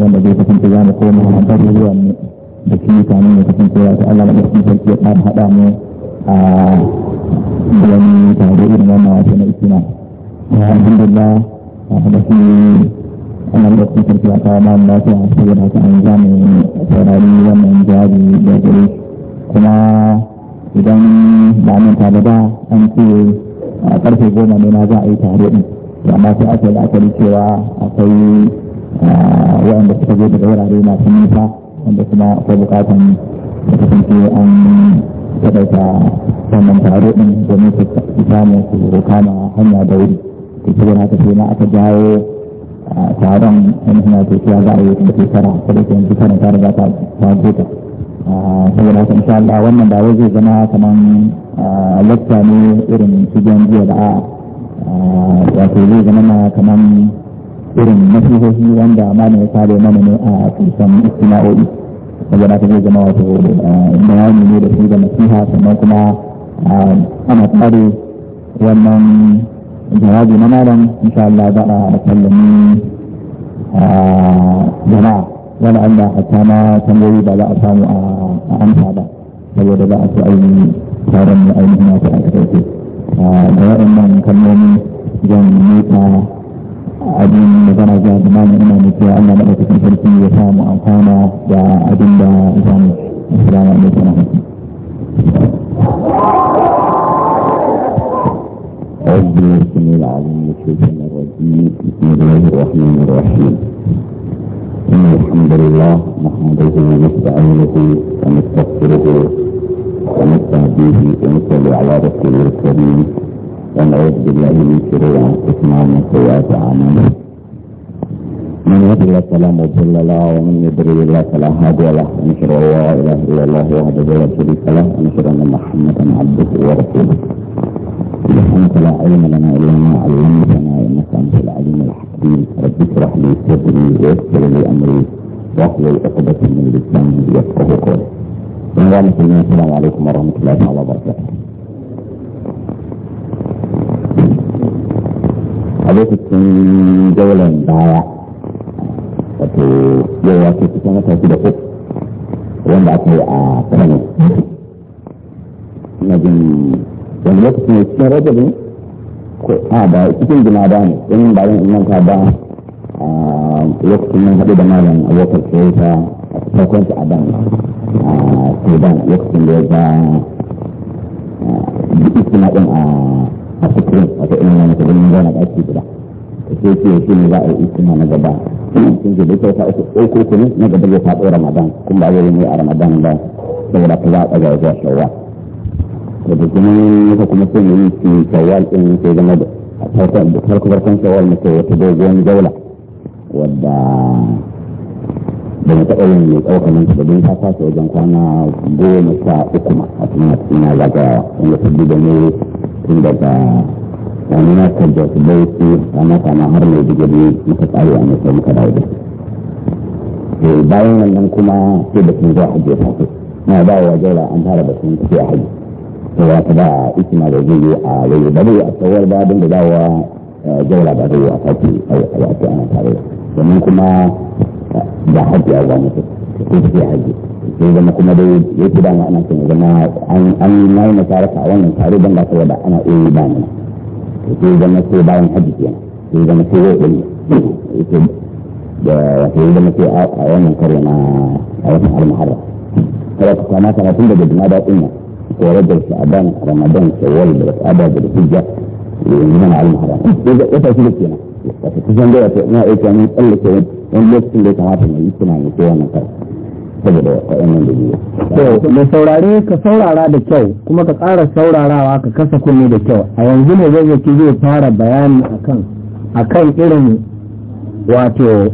yang bagi kesimpulan aku mohon bagi Tuhan bagi kami kesimpulan Allah yang menjadikan hadamu dan kami dengan nama Tuhan Alhamdulillah ada si Allah yang menjadikan kami Allah yang menjadikan kami Allah yang menjadikan kami kuma idan ba mun tare ba an ce karfe goma ne na za a yi tare ne amma sai aka yi wa'anda suka zo daga wurare masu nisa wanda kuma akwai bukatan da kasance an taɗaita wannan taro ɗin domin su samu su kama hanya da wuri to saboda haka sai na aka jawo taron ainihin wato cewa za a yi ta shekara saboda yanzu karin ta riga ta gota saboda haka insha Allah wannan ba wai zai zama kaman lakta ne irin su jiya da a wato zai zama kaman irin nasihohi wanda mana ya kare mana ne a kusan istima'o'i wanda ta zai zama wato eh, bayani ne da shi da nasiha sannan kuma eh, ana tsare wannan jawabi na malam insha Allah za a sallami eh, jama'a wani Allah a ma tambayoyi ba za a samu a amsa ba saboda za a su ainihin taron da ainihin na ta a da waɗannan kalmomi zan nuka abin magana ga da mamu ina ne cewa Allah na ɗaukakin sarki ya samu amfana da أعوذ بالله السميع العليم من الشيطان الرجيم بسم الله الرحمن الرحيم إن الحمد لله نحمده ونستعينه ونستغفره ونستهديه ونصلي على رسوله الكريم ونعوذ بالله من شرور انفسنا ومن سيئات اعمالنا من يهد الله فلا مضل له ومن يضلل الله فلا هادي له ونشهد ان لا اله الا الله وحده لا شريك له ونشهد ان محمدا عبده ورسوله سبحانك لا علم لنا الا ما علمتنا انك انت العليم الحكيم رب اشرح لي صدري ويسر لي امري واحلل عقدة من لساني يفقه قولي. السلام عليكم ورحمه الله وبركاته. a lokacin jawalan baya wato yau ya ce cikin wata da uku wanda aka yi a kano na jin wani lokacin ya cikin rajab ne ko a ba cikin gina ba ne in ba yin nan ka ba a lokacin nan haɗu da malam abokan tsohota a farkon ta a ban a sudan lokacin da ya ga duk suna ɗin a a cikin wata ilimin na kudin zana ɗaki guda da ke ce shi ne za a yi na gaba sun ce da ita wata uku ne na gaba zai faɗo ramadan kuma ba zai yi a ramadan ba saboda ka za a ɗaga zuwa shawwal da kuma yaka kuma sun yi shi shawwal ɗin sai zama da farko farkon shawwal na kai wata dogon gaula wadda da taɓa yin mai ɗaukanin ta domin ta tashi wajen kwana goma sha uku ma a cikin na wanda ta bi da ne tun daga wani na kan da su bai su mata ma har mai digiri muka tsari a nasa muka dawo da su eh, bayan wannan kuma sai da sun zo a hajji ta na ba wa jaura an fara da sun tafi a hajji to ya ta ba ikima da zai yi a wani ba zai a tsawar ba don da dawowa eh, jaura ba zai yi a sati a wata ana tare da domin kuma da hajji a zama su ko su ke hajji sai zama kuma dai ya ci dama ana son zama an yi na yi nasararsa a wannan tare don ba saboda ana iya yi ba mana sai zama sai bayan hajji ke sai zama sai zai ɗari da sai zama sai a wannan kare na a watan almaharra kada ka kama kwana tun daga jima ɗin nan ko rajar sha'aban ramadan shawwal da wasu al'ada da hijja yanzu mana almaharra ya tafi da kenan wata kusan da wata ina aiki mun tsallake wani lokacin da ya kamata yi kowa na kai saboda da biyu. to mai saurari ka saurara da kyau kuma ka ƙara saurarawa ka kasa kunne da kyau a yanzu ne zai zaki zai fara bayani akan akan irin wato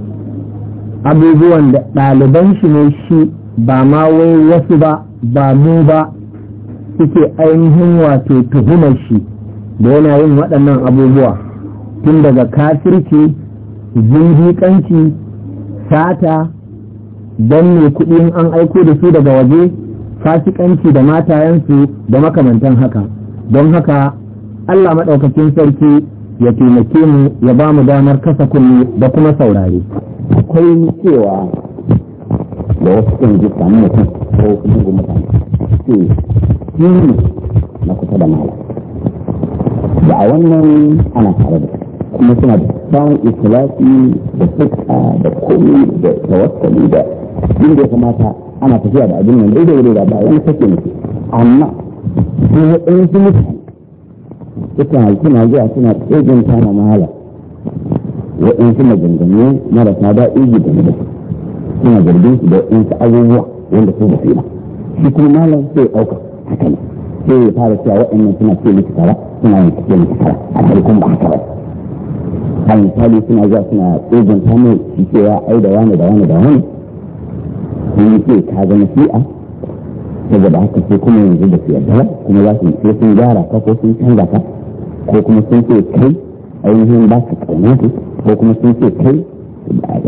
abubuwan da ɗaliban shi ne shi ba ma wai wasu ba ba mu ba suke ainihin wato tuhumar shi da yana yin waɗannan abubuwa tun daga kafirci zindiƙanci sata don mai kuɗi an aiko da su daga waje fasikanci da matayensu da makamantan haka don haka allah maɗaukacin sarki ya taimake mu ya ba mu damar kasa kunne da kuma saurari. akwai cewa da wasu kan ji samu mutum ko kuma goma ce na kusa da mala da a wannan ana tare da kuma suna da samun ikhlasi da fuska da komai da tawakkali da inda ya kamata ana tafiya da abin nan daidai da ba wani kake ne amma su waɗansu mutane suka halki na zuwa suna tsogin kama mahala waɗin waɗansu maganganu marasa ba iji da suna zargin su da waɗansu abubuwa wanda su ba su yi ba shi kuma malam sai ɗauka haka ne sai ya fara cewa waɗannan suna ce mutu kaza suna yin tafiya mutu kaza a farkon ba haka ba a misali suna zuwa suna tsogon samun shi cewa ai da wani da wani da wani sun yi ce ka zama fi'a saboda haka sai kuma yanzu da su da kuma za su sai sun gyara ka ko sun canza ka ko kuma sun ce kai ainihin ba ka kauna ko kuma sun ce kai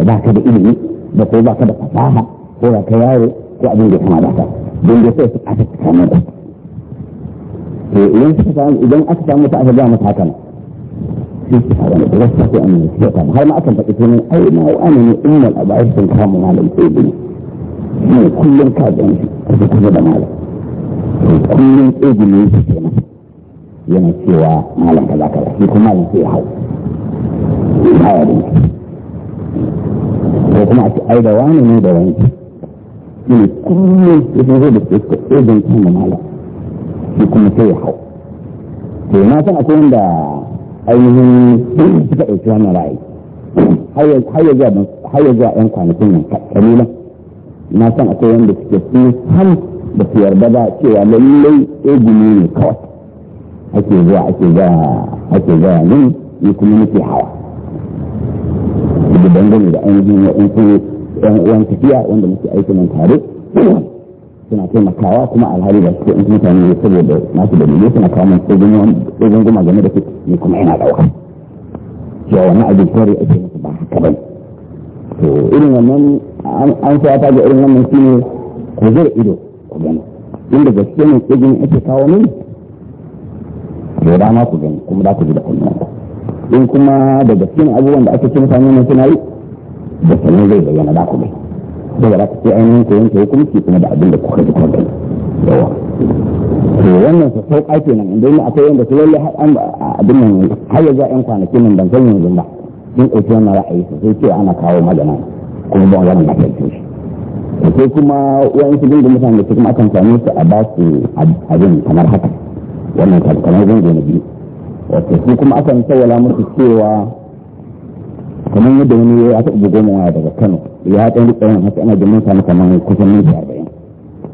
ba ka da ilimi da ko ba ka da fasaha ko ba ka yaro ko abin da kama ba ka don da sai su aka kama ba. to idan aka samu idan aka samu ta aka mata istikhara da wasu ko an shaitan har ma akan faɗi sunan ai ma wani ne abai sun kama malam ne kullum ka gan shi kuma da malam kullum ne yana cewa malam malam da ko kuma a ce ai da wani ne da wani ne kullum ya da kama malam shi kuma hau na san akwai wanda ainihin suka ɗauki wannan ra'ayi har ya zuwa ‘yan kwanakin nan kamila na san akwai wanda suke sun san da su yarda ba cewa lallai egumi ne kawai ake zuwa ake zuwa ake zuwa nan ni kuma nake hawa da dangane da ainihin wa'yansu ‘yan uwan tafiya wanda muke aiki nan tare suna taimakawa kuma alhali da su in mutane ne saboda nasu dalilai suna kawo mun tsogon goma game da su ne kuma yana ɗauka cewa wani abin kare ake musu ba haka ba to irin wannan an sa ta ga irin wannan shine ku zai ido ku gani inda gaske ne tsogon ake kawo min to da ma ku gani kuma da ku ji da kunnan in kuma da gaske ne abubuwan da ake ce mutane ne suna yi da sanin zai bayyana da ku gani za ka ce ainihin ku yanke hukunci kuma da abin da kuka ji kuma yawa to wannan su sauƙa nan inda akwai wanda su lalle abin nan har yanzu a 'yan kwanakin nan ban san yanzu ba sun ɗauki wannan ra'ayi sai ce ana kawo magana kuma ba wani na kyautu shi sai kuma wani su dinga mutane da kuma akan same su a ba su abin kamar haka wannan kamar gungun na biyu wato su kuma akan tsawala musu cewa kamar yadda wani ya taɓa bugo waya daga Kano ya ɗan rika yin haka ana jin mutane kamar kusan minti arba'in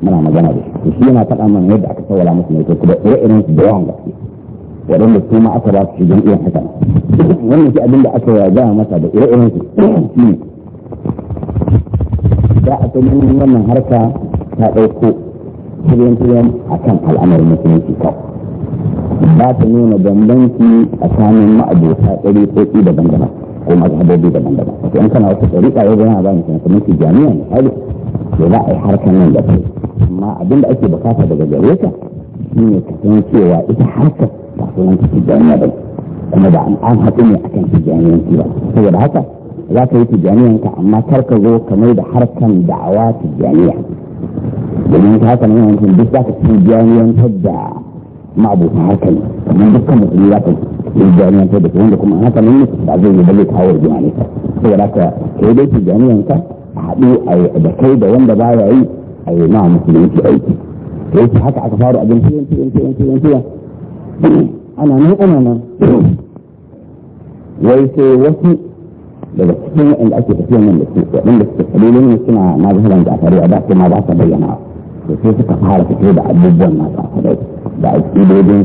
muna magana da shi shi yana faɗa mana yadda aka sawala musu ne to kuma ire-iren su da yawan gaske waɗanda su ma aka ba su jam'iyyar haka wannan shi abin da aka gaya masa da ire-iren su shi ne da a tsanin wannan harka ta ɗauko tuyen-tuyen a kan al'amarin musulunci kawai ba ta nuna bambanci a tsakanin ma'abota ɗari ko ɗi da daban ko mazhabobi daban-daban wasu in kana wasu ɗariƙa ya zama ba mutum kuma ki jami'a ne hali da za a yi harkar nan da kai amma abin da ake bukata daga gare ka shine ka san cewa ita harkar ba sunan ki jami'a ba kuma ba an haɗu ne a kan jami'a ba saboda haka za ka yi ka amma kar ka zo kamar da harkan da'awa tijjaniya domin ta haka nan yankin duk za ka tijjaniyantar da ma'abuta hankali kamar dukkan musulmi za ka yi jami'an ta da ke wanda kuma haka nan ba zai yi ba zai kawo rigima ne saboda haka kai dai ke jami'an ka a haɗu da kai da wanda ba ya yi a yi ma musulunci aiki da yake haka aka faru abin tiyan tiyan tiyan tiyan tiyan ana nan ana nan wai sai wasu daga cikin waɗanda ake tafiyan nan da su waɗanda suke kalilin suna na zahiran da a faruwa da ma ba sa bayyana da sai suka fara fito da abubuwan na kafirai da aƙidodin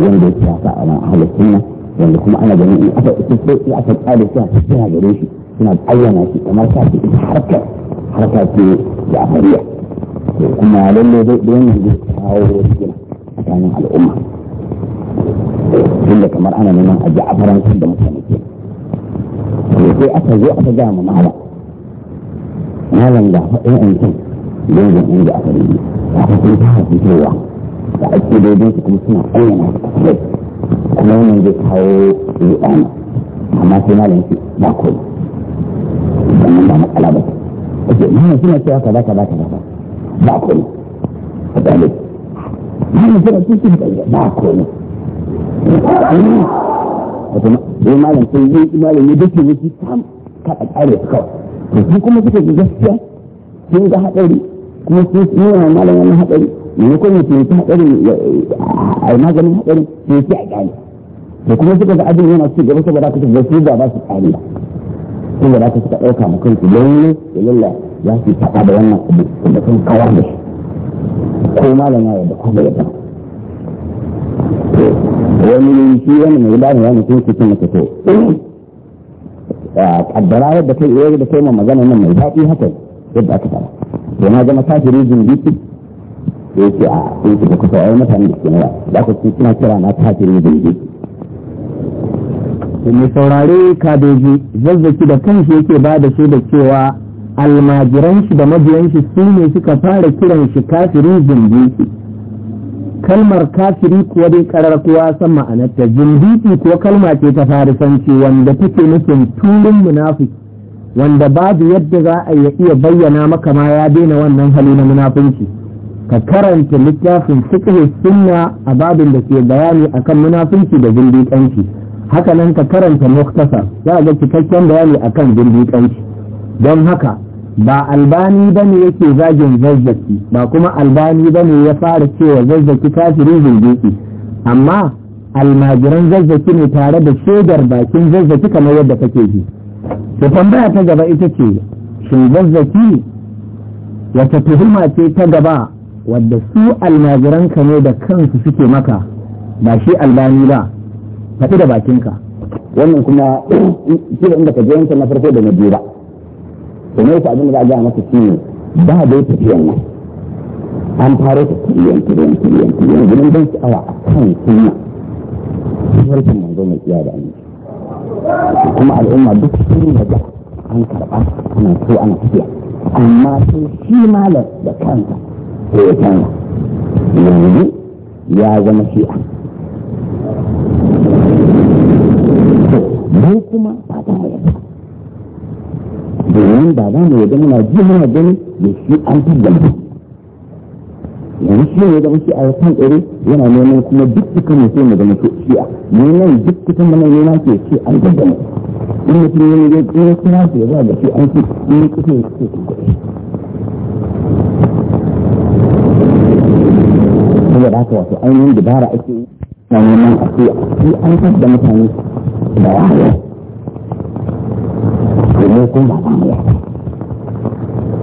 wanda ya shafa a ran ahalar sunna wanda kuma ana ganin in aka ita isassoki aka tsare suna suna gare shi suna ayyana shi kamar sa ce ita harkar harka ce da afariya kuma lalle dai wannan zai kawo rigina tsakanin al'umma tunda kamar ana neman a ji a faransun da mutane ke sai aka zo aka gaya ma malam malam ga faɗin yankin daidai inda aka rage haka sun fara fitowa da ake daidai su kuma suna ayyana su kasar kuma wannan zai kawo ru'ana amma sai malam ce ba kawai wannan ba matsala ba ce malam suna cewa kaza kaza kaza ba kawai a dalil malam suna cikin kaza ba kawai wato malam sai yi malam ya dake wasu sam ka a kawai to kuma suka ji gaskiya sun ga haɗari kuma sun nuna malam wannan hatsari maimakon ya fahimci hatsarin a yi maganin hatsarin sai shi a kyale da kuma suka ga abin yana ci gaba saboda ka shiga su ba su kyale ba saboda ka suka ɗauka ma kansu lalle da lalla ya su faɗa da wannan abu da sun kawar da shi ko malam ya yarda ko bai yarda wani shi wani mai bani wani sun ce sun mace to kaddara yadda kai yadda kai ma magana nan mai daɗi haka yadda aka fara to zama kafiri zindiki da yake a yake da kusa wani mutane da ke nuna za ku ci suna kira na kafiri Kuma mai saurare kabeji zazzaki da kanshi yake ba da shi da cewa almajiran shi da mabiyan shi su ne suka fara kiran shi kafiri zindiki kalmar kafiri kuwa dai karar kowa san ma'anarta zindiki kuwa kalma ce ta farisanci wanda take nufin tulun munafiki wanda babu yadda za a ya iya bayyana maka ma ya daina wannan hali na munafunci ka karanta littafin fiqh sunna a babin da ke bayani akan munafunci da zindiƙanci haka nan ka karanta muktasar za ga cikakken bayani akan zindiƙanci don haka ba albani ba yake zagin zazzaki ba kuma albani ba ne ya fara cewa zazzaki kafiri zindiki amma almajiran zazzaki ne tare da shaidar bakin zazzaki kamar yadda kake ji to tambaya ta gaba ita ce shin zazzaki wata tuhuma ce ta gaba wadda su ka ne da kansu suke maka ba shi albani ba faɗi da bakinka wannan kuma shi da inda ka je na farko da na biyu ba to ne ku abin da za a gaya masa shi ne ba dai tafiyan nan an fara ta tiliyan tiliyan tiliyan tiliyan gudun don sha'awa a kan suna. Sarkin manzo mai tsiya da aminci. kuma al'umma duk sun da an karɓa ana so ana tafiya amma sai shi malam da kansa sai ya canza yanzu ya zama shi'a mu kuma ba ta mu yadda domin ba za mu yadda muna ji muna gani da shi an tabbata yanzu shi ne zama a ya kan tsere yana neman kuma duk cikin mutum da zama shi'a ne nan duk cikin mana ne ke ce an gaggama in mutum ne zai tsere kuma su ya za da shi an ce in ya kusa ya kusa su kuɗi. saboda haka wato ainihin dabara ake yi na neman a ce a an kan da mutane da wahala kuma ba mu yasa.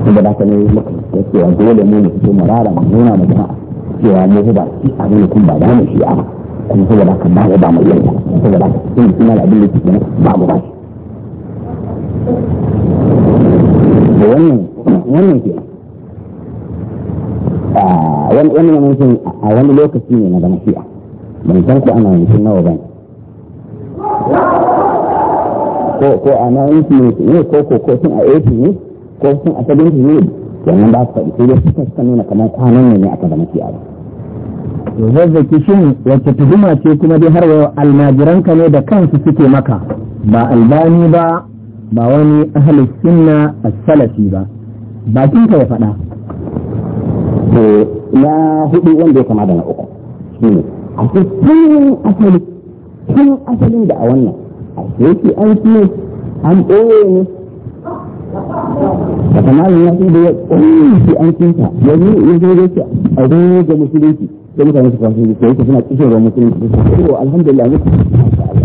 inda ba ta ne muka ya cewa dole mu ne fito marara mu nuna mu jama'a cewa mu ba shi a ne kun ba da mu shi a kuma saboda haka ba mu ba mu yarda kuma haka suna da abin da ke ba mu ba wannan wannan ke a wani lokaci ne na ban san ko ana nawa ba ko ko ana ne ko ko ko a 80 ne ko sun a tabin zuwa wannan ba su faɗi sai dai suka suka nuna kamar kwanan ne aka zama kiyar zazzaki shin wacce tuhuma ce kuma dai har yau almajiranka ne da kansu suke maka ba albani ba ba wani ahalus sunna as-salafi ba bakin ka ya faɗa to na hudu wanda ya kama da na uku shine a cikin asali cikin asalin da a wannan a yake an an ɓoye ne haka malam ya da ya shi an kinta yanzu ya zo da shi a ga musulunci da mutane su kwasu da yake suna kishin ruwan musulunci da su ko oh, alhamdulillah ne masha Allah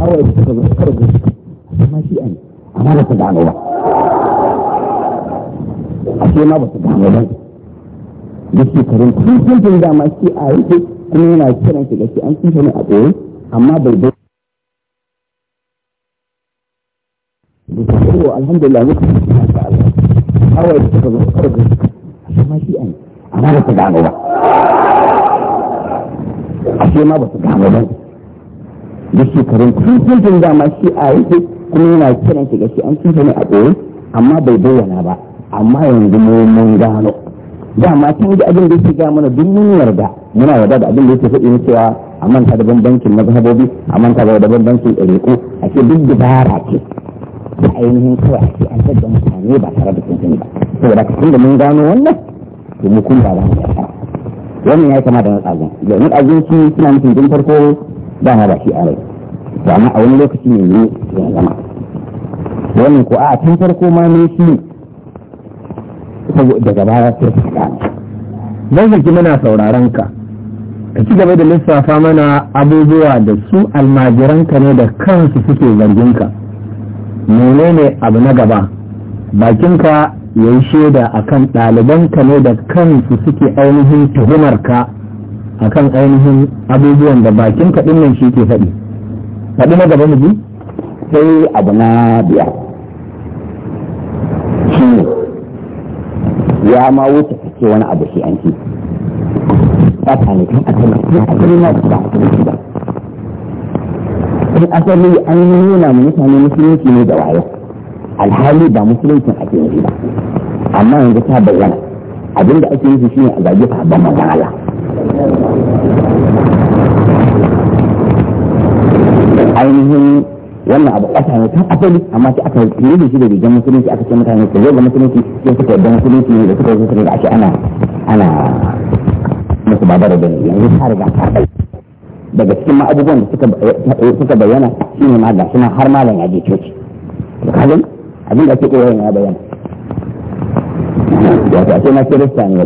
awai su ka zaka rubu amma shi an amma ba su gano ba a ce ma ba su gano ba da shi karin kun kun da ma shi a yake kuma yana kiran shi da shi an kinta ne a tsaye amma bai bai ko alhamdulillah muku masha Allah kawai da suka zo kawai suka ashe ma shi an amma ba su gano ba ashe ma ba su gano ba da shekarun dama shi a yake kuma yana kiran shi shi an cinta ne a ɓoye amma bai bayyana ba amma yanzu mun gano dama can da abin da yake ga mana duk mun yarda muna yarda da abin da yake faɗi ne cewa a manta da bambancin mazhabobi a manta da bambancin ɗariƙo a ce duk dabara ce ta ainihin kawai ake an da mutane ba tare da sun sani ba saboda ka tunda mun gano wannan to mu kun ba za mu yarda wannan ya kama da na tsagun da na tsagun suna nufin jin farko dama ba shi a rai ba amma a wani lokaci ne ne ya zama wannan ko a tun farko ma ne shi ne daga baya sai ka gane zan zaki muna sauraron ka ka ci gaba da lissafa mana abubuwa da su almajiranka ne da kansu suke zargin ka menene abu na gaba bakinka ya yi shaida a kan ɗalibanka ne da kansu suke ainihin tuhumarka a kan ainihin abubuwan da bakinka ɗin nan shi ke faɗi faɗi na gaba miji sai abu na biya shi ya ma wuce kake wani abu shi an ci tsakanin kan a kan a kan a kan tun asali an nuna mu mutane musulunci ne da waya alhali ba musuluncin ake yi ba amma yanzu ta bayyana abin da ake yi shi ne a zage ka ba magana ainihin wannan abu ƙasa ne kan asali amma sai aka yi shi da rigar musulunci aka ce mutane ko yau da musulunci sai suka yarda musulunci ne da suka yi suka da ake ana ana musu babar da yanzu ta riga ta kai daga cikin ma abubuwan da suka bayyana shi ne ma suna har malam ya je coci kalin abin da ake koyarwa ya bayyana wato ake na kirista ne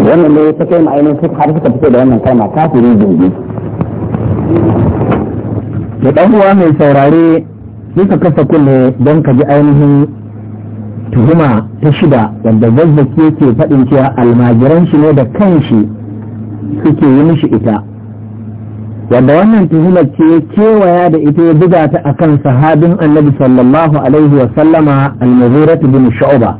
ya wannan ne ta kai ma'ainihin su har suka fito da wannan kalma kafirin jirgi da ɗan uwa mai saurare sai ka kasa kunne don ka ji ainihin tuhuma ta shida wanda zazzaki yake faɗin cewa almajiran shi ne da kanshi suke yi mishi ita wanda wannan tuhumar ce kewaya da ita ya buga ta akan sahabin annabi sallallahu alaihi wa sallama almuziratu bin shu'ba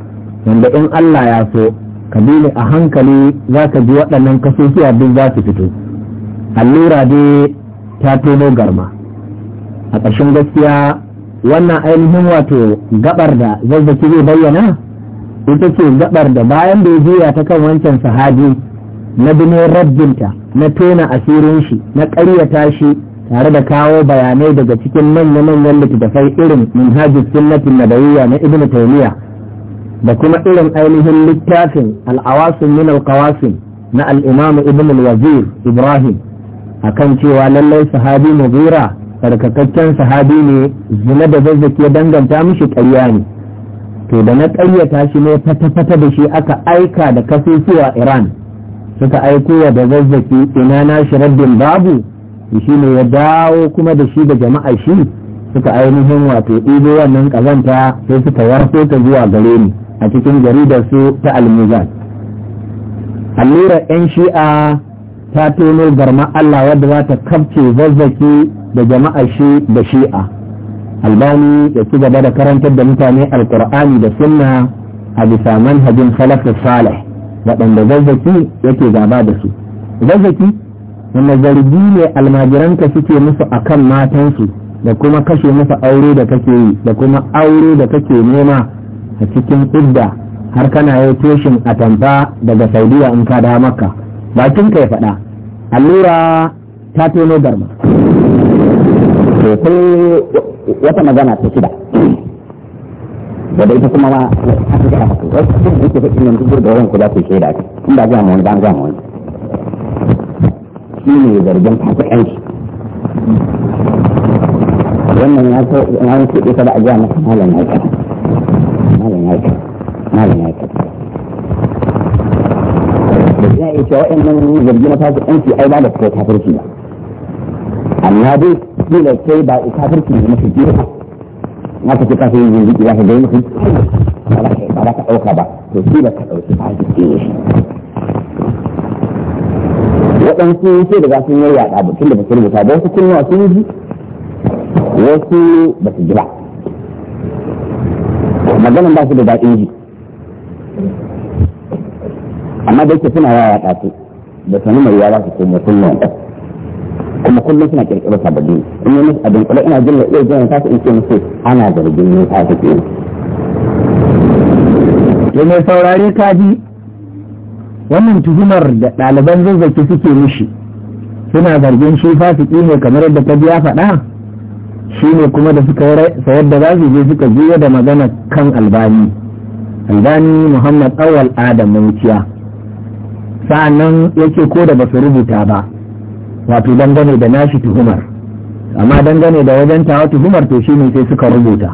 wanda in Allah ya so kabili a hankali za ka ji waɗannan kasusuwa duk za su fito allura dai ta tono garma a ƙarshen gaskiya wannan ainihin wato gabar da zazzaki zai bayyana ita ce gabar da bayan da ya juya ta kan wancan sahabi na bine rabbinta na tona asirin shi na ƙaryata shi tare da kawo bayanai daga cikin manya-manyan littattafai irin minhajus sunnatin nabawiyya na ibnu taymiya da kuma irin ainihin littafin al'awasin min alqawasim na al-imam ibn al-wazir ibrahim akan cewa lallai sahabi mugira sarkakakken sahabi ne zina da zazzaki ya danganta mishi ƙarya ne to da na ƙaryata shi ne fata-fata da shi aka aika da kasusuwa iran suka aiko wa da zazzaki ina na shi raddin babu shi ne ya dawo kuma da shi da jama'a shi suka ainihin wato ɗibo wannan ƙazanta sai suka warso ta zuwa gare ni a cikin jaridar su ta almuzan allurar 'yan shi'a ta tono garma Allah wadda za ta kafce zazzaki da jama'a shi da shi'a albani ya ci gaba da karantar da mutane alkur'ani da sunna a bisa manhajin salafin salih waɗanda zazzaki yake gaba da su zazzaki wanda zargi ne almajiranka suke musu kan matansu da kuma kashe musu aure da kake yi da kuma aure da kake nema a cikin idda har kana yi toshin atamfa daga saudiya in ka da maka bakin ka ya faɗa allura ta tono garma to sai wata magana ta shida da ita kuma ma a ta gara haka wasu sun da ke faɗin yanzu da wurin ku ke shaida ce in ba gama wani ba gama wani shi ne zargin yanki wannan ya so ya kuɗe ta da a gama malam ya malam ya malam ya ba za a cewa cewa wa'annan zargi na fasikanci ai ba da kai kafirci ba amma dai kila sai ba kafirci ne mafi girma na ka ce kafirin zindiki za ka gani su ba za ka ɗauka ba to kila ka ɗauki fasiki ne shi waɗansu sai da za su yi yaɗa ba tun da ba su rubuta ba wasu kunnuwa sun ji wasu ba su ji ba maganan ba su da daɗin ji amma da yake suna yawa yaya ɗasu da sanu mai yara su kuma kullum kuma kullum suna kirkiro sababbi in yi musu abin kula ina jin da iya jiran tasu in ce musu ana zargin ne ta su ke to mai saurari ka ji wannan tuhumar da ɗaliban zazzaki suke mishi suna zargin shi fasiki ne kamar yadda ta biya faɗa shi ne kuma da suka sayar da za su je suka juya da magana kan albani albani muhammad awal adam mai sa'annan yake ko da basu rubuta ba wato dangane da nashi tuhumar amma dangane da wajen tawa tuhumar to shine sai suka rubuta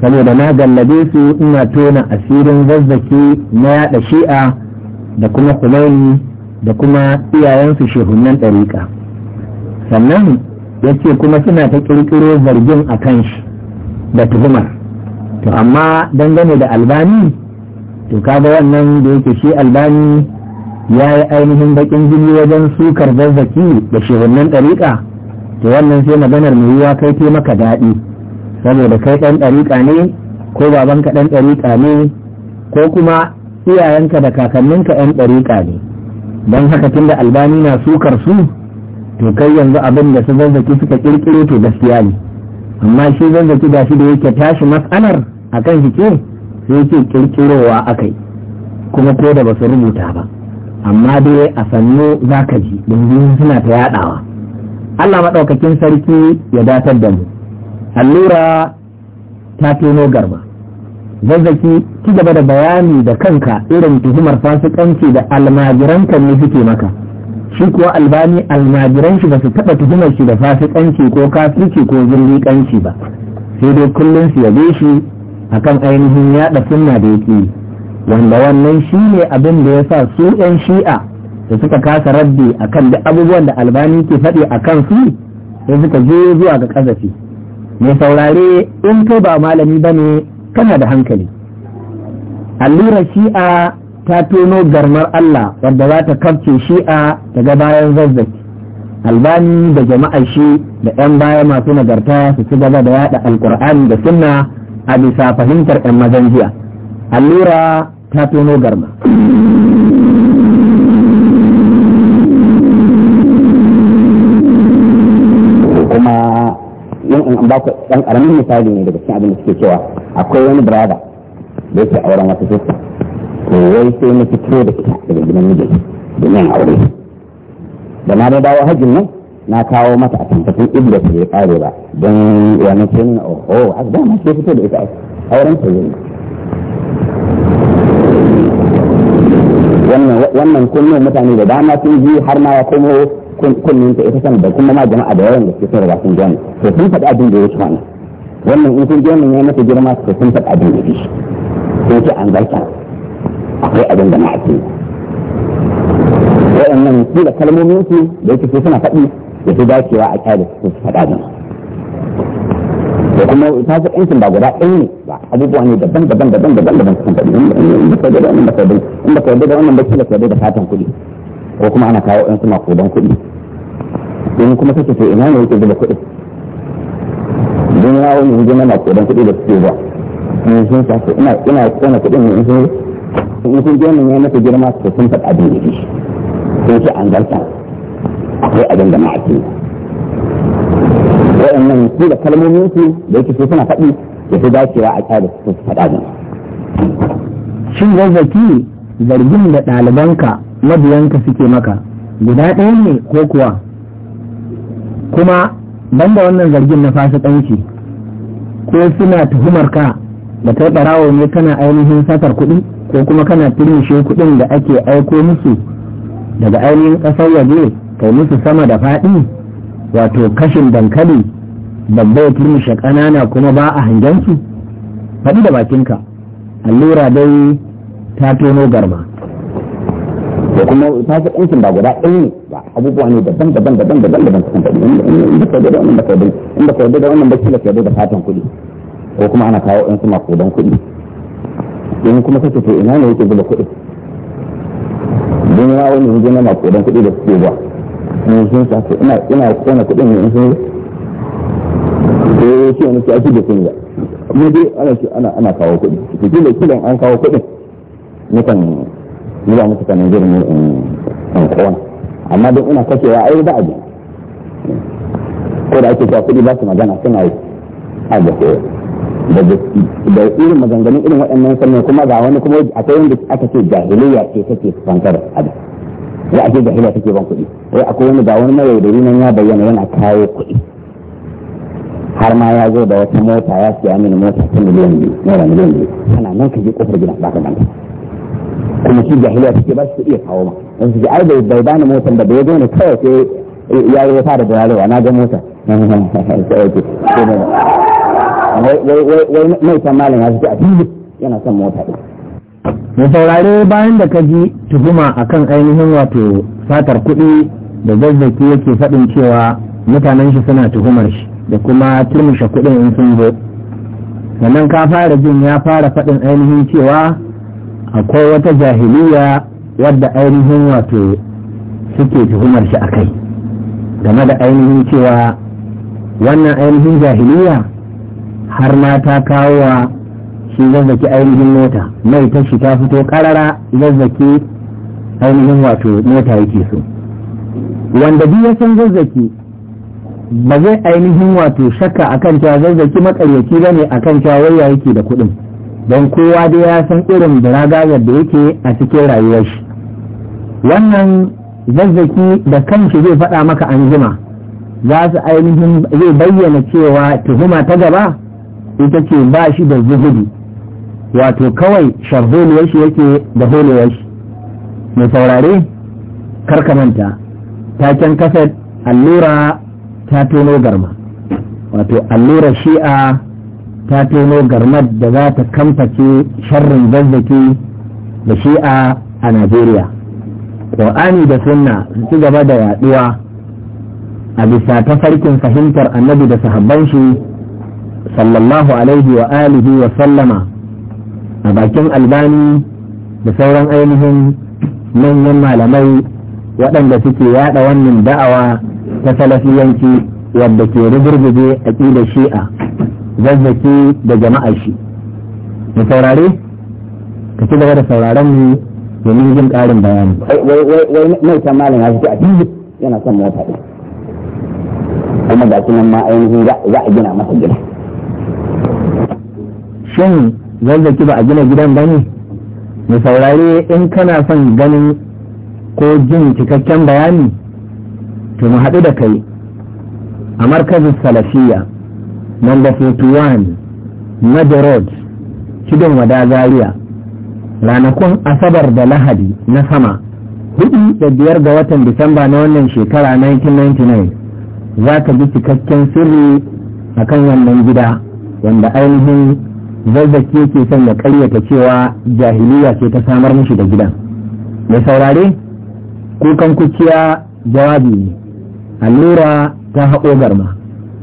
saboda na gallabe su ina tona asirin zazzaki na yada shi'a da kuma kulani da kuma iyayensu shehunan ɗariƙa sannan ya ce kuma suna ta ƙirƙiro zargin a kan shi da tuhumar to amma dangane da albani to kaga wannan da yake shi albani ya yi ainihin bakin jini wajen sukar zazzaki da shehunan ɗariƙa to wannan sai maganar mai yiwa kai ke maka daɗi saboda kai ɗan ɗariƙa ne ko babanka ɗan ɗariƙa ne ko kuma iyayenka da kakanninka ɗan ɗariƙa ne don haka tun da albani na sukar su to kai yanzu abin da su zazzaki suka ƙirƙiro to gaskiya ne amma shi zazzaki da shi da yake tashi matsalar kan shi ke sai yake ƙirƙirowa akai kuma ko da ba su rubuta ba amma dai a sannu za ka ji domin suna ta yaɗawa Allah maɗaukakin sarki ya datar da mu allura ta tono garba zazzaki ci gaba da bayani da kanka irin tuhumar fasikanci da almajiranka ne suke maka shi kuwa albani almajiran shi ba su taɓa tuhumar shi da fasikanci ko kafirci ko zurriƙanci ba sai dai kullum su yabe shi akan ainihin yaɗa sunna da yake yi wanda wannan shi ne abin da ya sa su 'yan shi'a da suka kasa rabbi akan duk abubuwan da albani ke faɗi a kan su sai suka je zuwa ga ƙasashe, mai saurare in kai ba malami ba ne kana da hankali allurar shi'a ta tono garmar Allah wadda za ta kafce shi'a daga bayan zazzaki albani da jama'a shi da 'yan baya masu nagarta su ci gaba da yada alkur'ani da sunna a bisa fahimtar 'yan mazan jiya allura ta tono garma kuma yin an ba ku ɗan ƙaramin misali ne daga cikin abin da suke cewa akwai wani brother da yake auren wata sista to wai sai na fito da ita daga gidan mijin domin aure da na da dawo hajjin nan na kawo mata a tantatin ibla da ya ƙare ba don wani na oho a dama sai fito da ita auren ta yi wannan kunnen mutane da dama sun ji har ma ya komo kunnen ta ita sama da kuma ma jama'a da yawan da suke sun riga sun gane to sun faɗi abin da ya ci wannan wannan in sun ji wannan ya masa girma to sun faɗi abin da ya ci sun ce an zarta akwai abin da na ake waɗannan su da kalmomin su da yake suna faɗi da su dacewa a kyale su faɗa da da kuma fasikancin ba guda ɗaya ne ba abubuwa ne daban daban daban daban daban kan daban wannan wannan fatan kuɗi ko kuma ana kawo ɗan suna kodan kuɗi kuma kake to ina ne yake zuba kuɗi don yawo ne na kodan kuɗi da suke in sun sa ina ina kona kuɗin ne in sun in sun je nan ya girma to sun faɗa da shi sun ce an zarta akwai abin da waɗannan su da kalmomin su da yake suna faɗi da su dacewa a su faɗa ne. Shin zazzaki zargin da ɗalibanka mabiyanka suke maka guda ɗaya ne ko kuwa kuma ban da wannan zargin na fasikanci ko suna tuhumar ka da kai ɓarawo ne kana ainihin satar kuɗi ko kuma kana turmushe kuɗin da ake aiko musu daga ainihin ƙasar waje kai musu sama da faɗi wato kashin dankali babba ya turmushe ƙanana kuma ba a hangensu faɗi da bakinka allura dai ta tono garma da kuma fasikancin ba guda ɗaya ne ba abubuwa ne daban daban daban daban daban cikin kuɗi inda ka da wannan da inda ka da wannan ba kila ka da fatan kuɗi ko kuma ana kawo ɗan su makudan kuɗi in kuma kake to ina ne yake zuba kuɗi don ya wani hujjina makudan kuɗi da suke zuwa in sun sa ina ina kona kuɗin ne in sun ce wani da amma dai ana ce ana kawo kuɗi to dole kilan an kawo nuna kan yanzu eh, eh, ne amma don ina kashewa a ji ko da ake kuɗi ba su magana suna yi a da koyo da irin maganganun irin waɗannan sannan kuma ga wani kuma wanda aka ce jahiliya ce take abin wai ake jahiliya take ban kuɗi wai akwai wani ga wani nan ya bayyana yana kawo kuɗi har ma ya zo da wata mota ya siya mini mota ta miliyan biyu naira miliyan biyu ana nan ka je kofar gidan ba ka ganta kuma shi jahiliya take ba su iya kawo ma in su ji ai bai bai bani motar da bai zo ne kawai sai ya yi wata da yalewa na ga mota [LAUGHS] wai mai san malam ya a fili yana son mota ɗin mu saurare bayan da ka ji tuhuma akan ainihin wato satar kuɗi da zazzaki yake faɗin cewa mutanen shi suna tuhumar shi da kuma turmushe kuɗin in sun zo sannan ka fara jin ya fara faɗin ainihin cewa akwai wata jahiliya wadda ainihin wato suke tuhumar shi a kai game da ainihin cewa wannan ainihin jahiliya har ma ta kawo wa shi zazzaki ainihin mota mai tashi ta fito karara zazzaki ainihin wato mota yake so wanda biyu ya san zazzaki ba zai ainihin wato shakka kan cewa zazzaki makaryaci ne akan cewa waya yake da kuɗin don kowa da ya san irin ragayar da yake a cikin rayuwar shi wannan zazzaki da kanshi zai faɗa maka an jima za su ainihin zai bayyana cewa tuhuma ta gaba ita ce ba shi da zuhudi wato kawai sharholiyar shi yake da holiyar shi mai saurare karkamanta taken kasar allura ta tono garma wato allurar shi'a ta tono garmar da za ta kamface sharrin zazzaki da shi'a a najeriya ƙwa'ani da sunna su ci gaba da yaduwa a bisa farkin fahimtar annabi da sahabban shi sallallahu alaihi wa alihi wa sallama a bakin albani da sauran ainihin manyan malamai waɗanda suke yada wannan da'awa ta salafiyanci wadda ke a ƙila shi'a zazzaki da jama'a shi da saurare ka ci gaba da sauraron mu domin jin ƙarin bayani wai mai san malam ya fita a cikin yana son mota ɗin kuma ga nan ma ainihin za a gina masa gida shin zazzaki ba a gina gidan ba ne mu saurare in kana son ganin ko jin cikakken bayani to mu haɗu da kai a markazin salafiya number 41 road cikin wada zaria ranakun asabar da lahadi na sama hudu da biyar ga watan disamba na wannan shekara 1999 za ka ji cikakken sirri a kan wannan gida wanda ainihin zazzaki yake son ya karyata cewa jahiliya ce ta samar mishi da gidan mai saurare kukan kuciya jawabi ne allura ta haƙo garma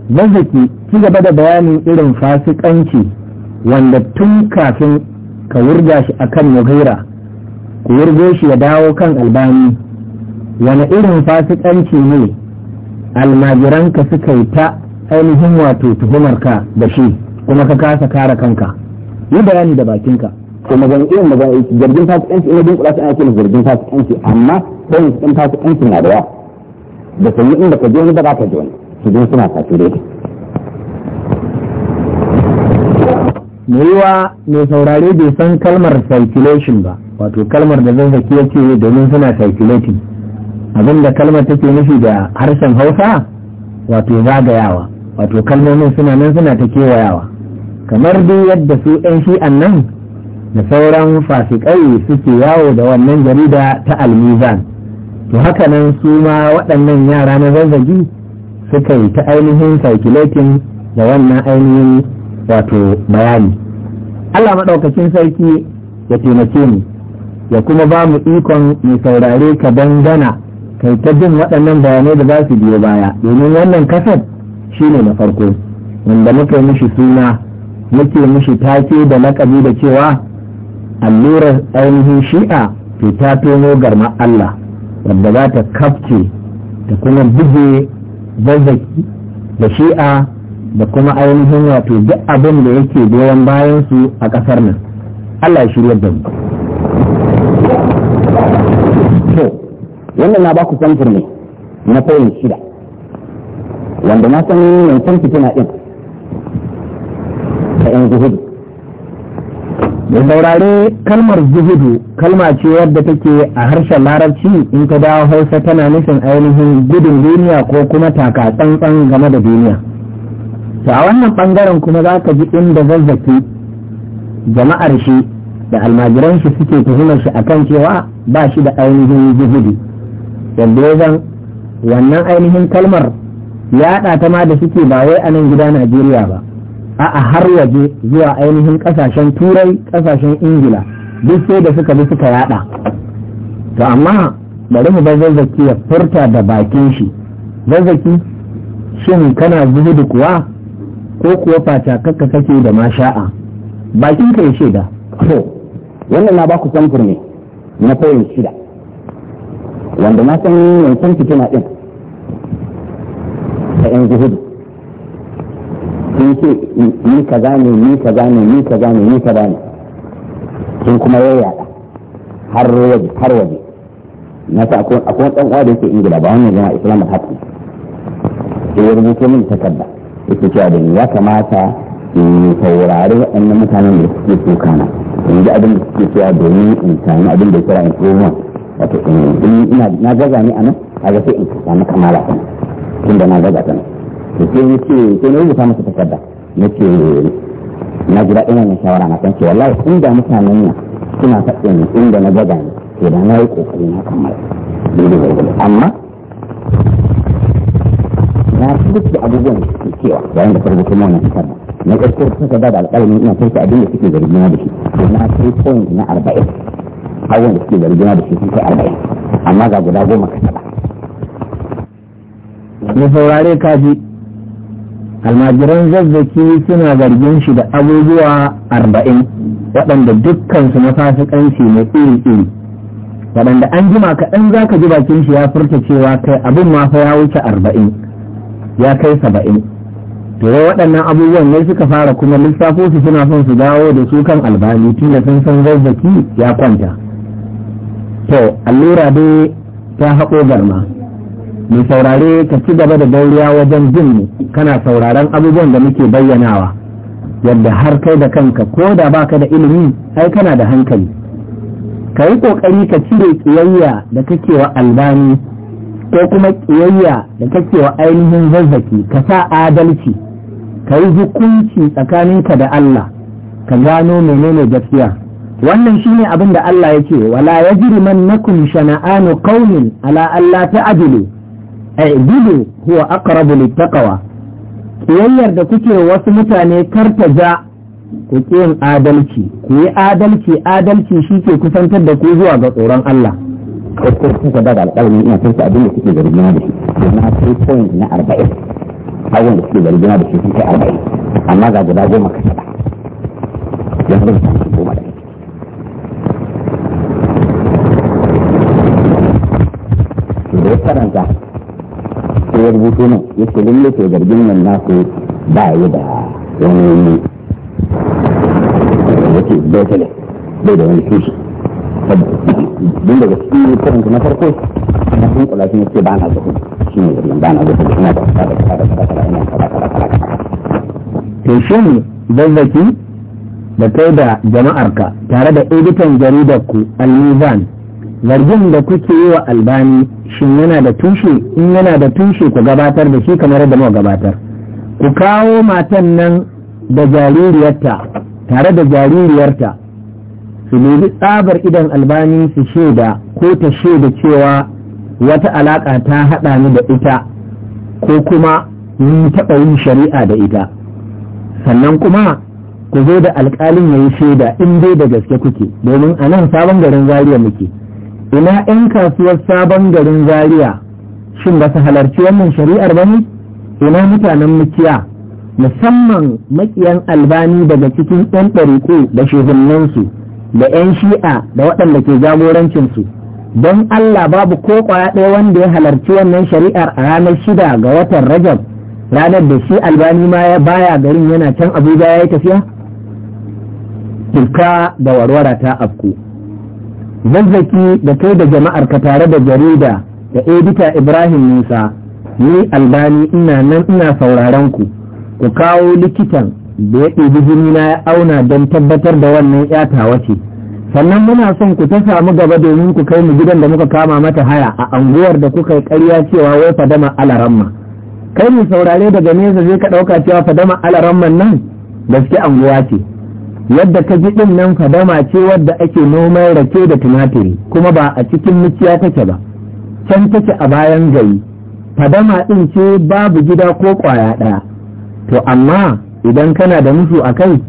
mazaki ci gaba da bayanin irin fasikanci wanda tun kafin ka wurga shi a kan mughira ku wurgo shi ya dawo kan albani wani irin fasikanci ne almajiranka suka yi ta ainihin wato tuhumarka da shi kuma ka kasa kare kanka yi bayani da bakinka ko magana irin magana zargin fasikanci ina bin kula su na zargin fasikanci amma sai ɗan fasikanci na da yawa da ta yi inda ka je wani ba za je wani su je suna yi wa mai saurare bai san kalmar calculation ba wato kalmar da zan zaki yake domin suna calculating abinda kalmar take nufi da harshen hausa wato zagayawa wato kalmomin suna nan suna ta kewayawa kamar dai yadda su 'yan shi'an nan da sauran fasikai suke yawo da wannan jarida ta almizan to haka nan su ma waɗannan yara na zazzagi suka yi ta ainihin calculating da wannan ainihin wato bayani Allah maɗaukacin sarki ya taimake mu ya kuma ba mu ikon mai saurare ka dangana kai ta jin waɗannan bayanai da za su biyo baya domin wannan kasar shi ne na farko wanda muka yi mishi suna muke mishi take da lakabi da cewa allurar ainihin shi'a to ta tono garma Allah wadda za ta kafce ta kuma buge zazzaki da shi'a da kuma ainihin wato duk abin da yake goyon bayan su a ƙasar nan Allah ya shirya da mu to wannan na baku samfur ne na fayin shida wanda na san yankin fitina ɗin ta yan zuhudu da saurare kalmar zuhudu kalma ce wadda take a harshen larabci in ta dawo hausa tana nufin ainihin gudun duniya ko kuma taka tsantsan game da duniya To a wannan bangaren kuma za ka ji inda zazzaki jama'ar shi da almajiran shi suke tuhumar shi akan cewa ba shi da ainihin zuhudu yadda ya zan wannan ainihin kalmar ya ta ma da suke ba wai a nan gida najeriya ba a'a har waje zuwa ainihin kasashen turai kasashen ingila duk sai da suka bi suka yada to amma bari mu bar zazzaki ya furta da bakin shi zazzaki shin kana zuhudu kuwa ko kuwa faca kakka kake da masha'a bakin ka ya shaida to wannan na baku samfur ne na koyin shida wanda na san wancan fitina din ta yan zuhudu sun ce ni kaza ne ni kaza ne ni kaza ne ni kaza ne sun kuma yayyada har waje har waje na sa akwai dan uwa da yake ingila ba wannan jama'a islamu haƙi sai ya rubuto min takarda yake cewa da ya kamata in saurari waɗannan mutanen da suke so kana in ji abin da suke cewa domin in sami abin da ya kira in tsoma wato in ina na gaza ne a nan a ga sai in samu kamala tun da na gaza ta nan to ya ce na rubuta masa takarda na ce na ji daɗin wannan shawara na kan ce wallahi inda mutanen nan suna inda na ne to da na yi ƙoƙari na kammala amma na duk da abubuwan da cewa da farko kuma wannan takarda na ƙarfi ta da alƙalami ina kai abin da suke zargina da shi to na kai point na arba'in abubuwan da suke da shi sun kai arba'in amma ga guda goma ka saurare almajiran zazzaki suna zargin shi da abubuwa arba'in waɗanda dukkansu na fasikanci ne iri-iri waɗanda an jima kaɗan za ka ji bakin shi ya furta cewa kai abin ma fa ya wuce arba'in ya kai saba'in to waɗannan abubuwan ne suka fara kuma lissafo su suna son su dawo da su kan albani tunda sun san zazzaki ya kwanta to allura dai ta haƙo garma mai saurare ka ci gaba da dauriya wajen jin mu kana sauraron abubuwan da muke bayyanawa yadda har kai da kanka ko da baka da ilimi ai kana da hankali ka yi ƙoƙari ka cire ƙiyayya da kake wa albani ko kuma ƙiyayya da kake wa ainihin zazzaki ka sa adalci ka yi hukunci tsakaninka da Allah ka gano menene gaskiya wannan shine abin da Allah ya ce wala yajrimannakum shana'anu qaumin ala alla ta'dilu gudu huwa aqrabu littaqwa kiyayyar da kuke wasu mutane karta ja ku yin adalci ku yi adalci adalci shi ke kusantar da ku zuwa ga tsoron Allah ko kuka da alƙalmi ina sai abin da kuke zargina da shi na sai na 40 awon da kuke zargina da shi kuke 40 amma ga guda goma ka saba ya zama ta goma da shi da karanta sai ya rubuto nan ya ce lalle to zargin nan ba yi da wani bai da wani tushe don daga cikin na farko na sun kula shi ne ce ba na shi ne zargin ba na da da da to shin zazzaki da kai da jama'arka tare da editan jaridar ku al zargin da kuke yi wa albani shin yana da tushe in yana da tushe ku gabatar da shi kamar da muka gabatar ku kawo matan nan da jaririyarta tare da jaririyarta su nemi tsabar idan albani su shaida ko ta shaida cewa wata alaƙa ta haɗa ni da ita ko kuma mun taɓa yin shari'a da ita sannan kuma ku zo da alƙalin ya yi shaida in dai da gaske kuke domin a nan sabon garin zariya muke ina 'yan kasuwar sabon garin zaria shin ba su halarci wannan shari'ar ba ne ina mutanen mukiya musamman makiyan albani daga cikin 'yan ɗariƙo da shehunansu da 'yan shi'a da waɗanda ke jagorancinsu don allah babu ko ƙwaya ɗaya wanda ya halarci wannan shari'ar a ranar shida ga watan rajab ranar da shi albani ma ya baya garin yana can abuja ya yi tafiya tuka da warwara ta afku zazzaki da kai da jama'ar ka tare da jarida da edita ibrahim musa ni albani ina nan ina sauraron ku ku kawo likitan da ya ɗibi jini na ya auna don tabbatar da wannan 'yata ce sannan muna son ku ta samu gaba domin ku kai mu gidan da muka kama mata haya a anguwar da kuka yi ƙarya cewa wai fadama alaramma kai mu saurare daga nesa zai ka ɗauka cewa fadama alaramman nan gaske anguwa ce yadda ka ji ɗin nan fadama ce wadda ake noman rake da tumatiri kuma ba a cikin miciya take ba can take a bayan gari fadama ɗin ce babu gida ko ƙwaya ɗaya to amma idan kana da musu a kai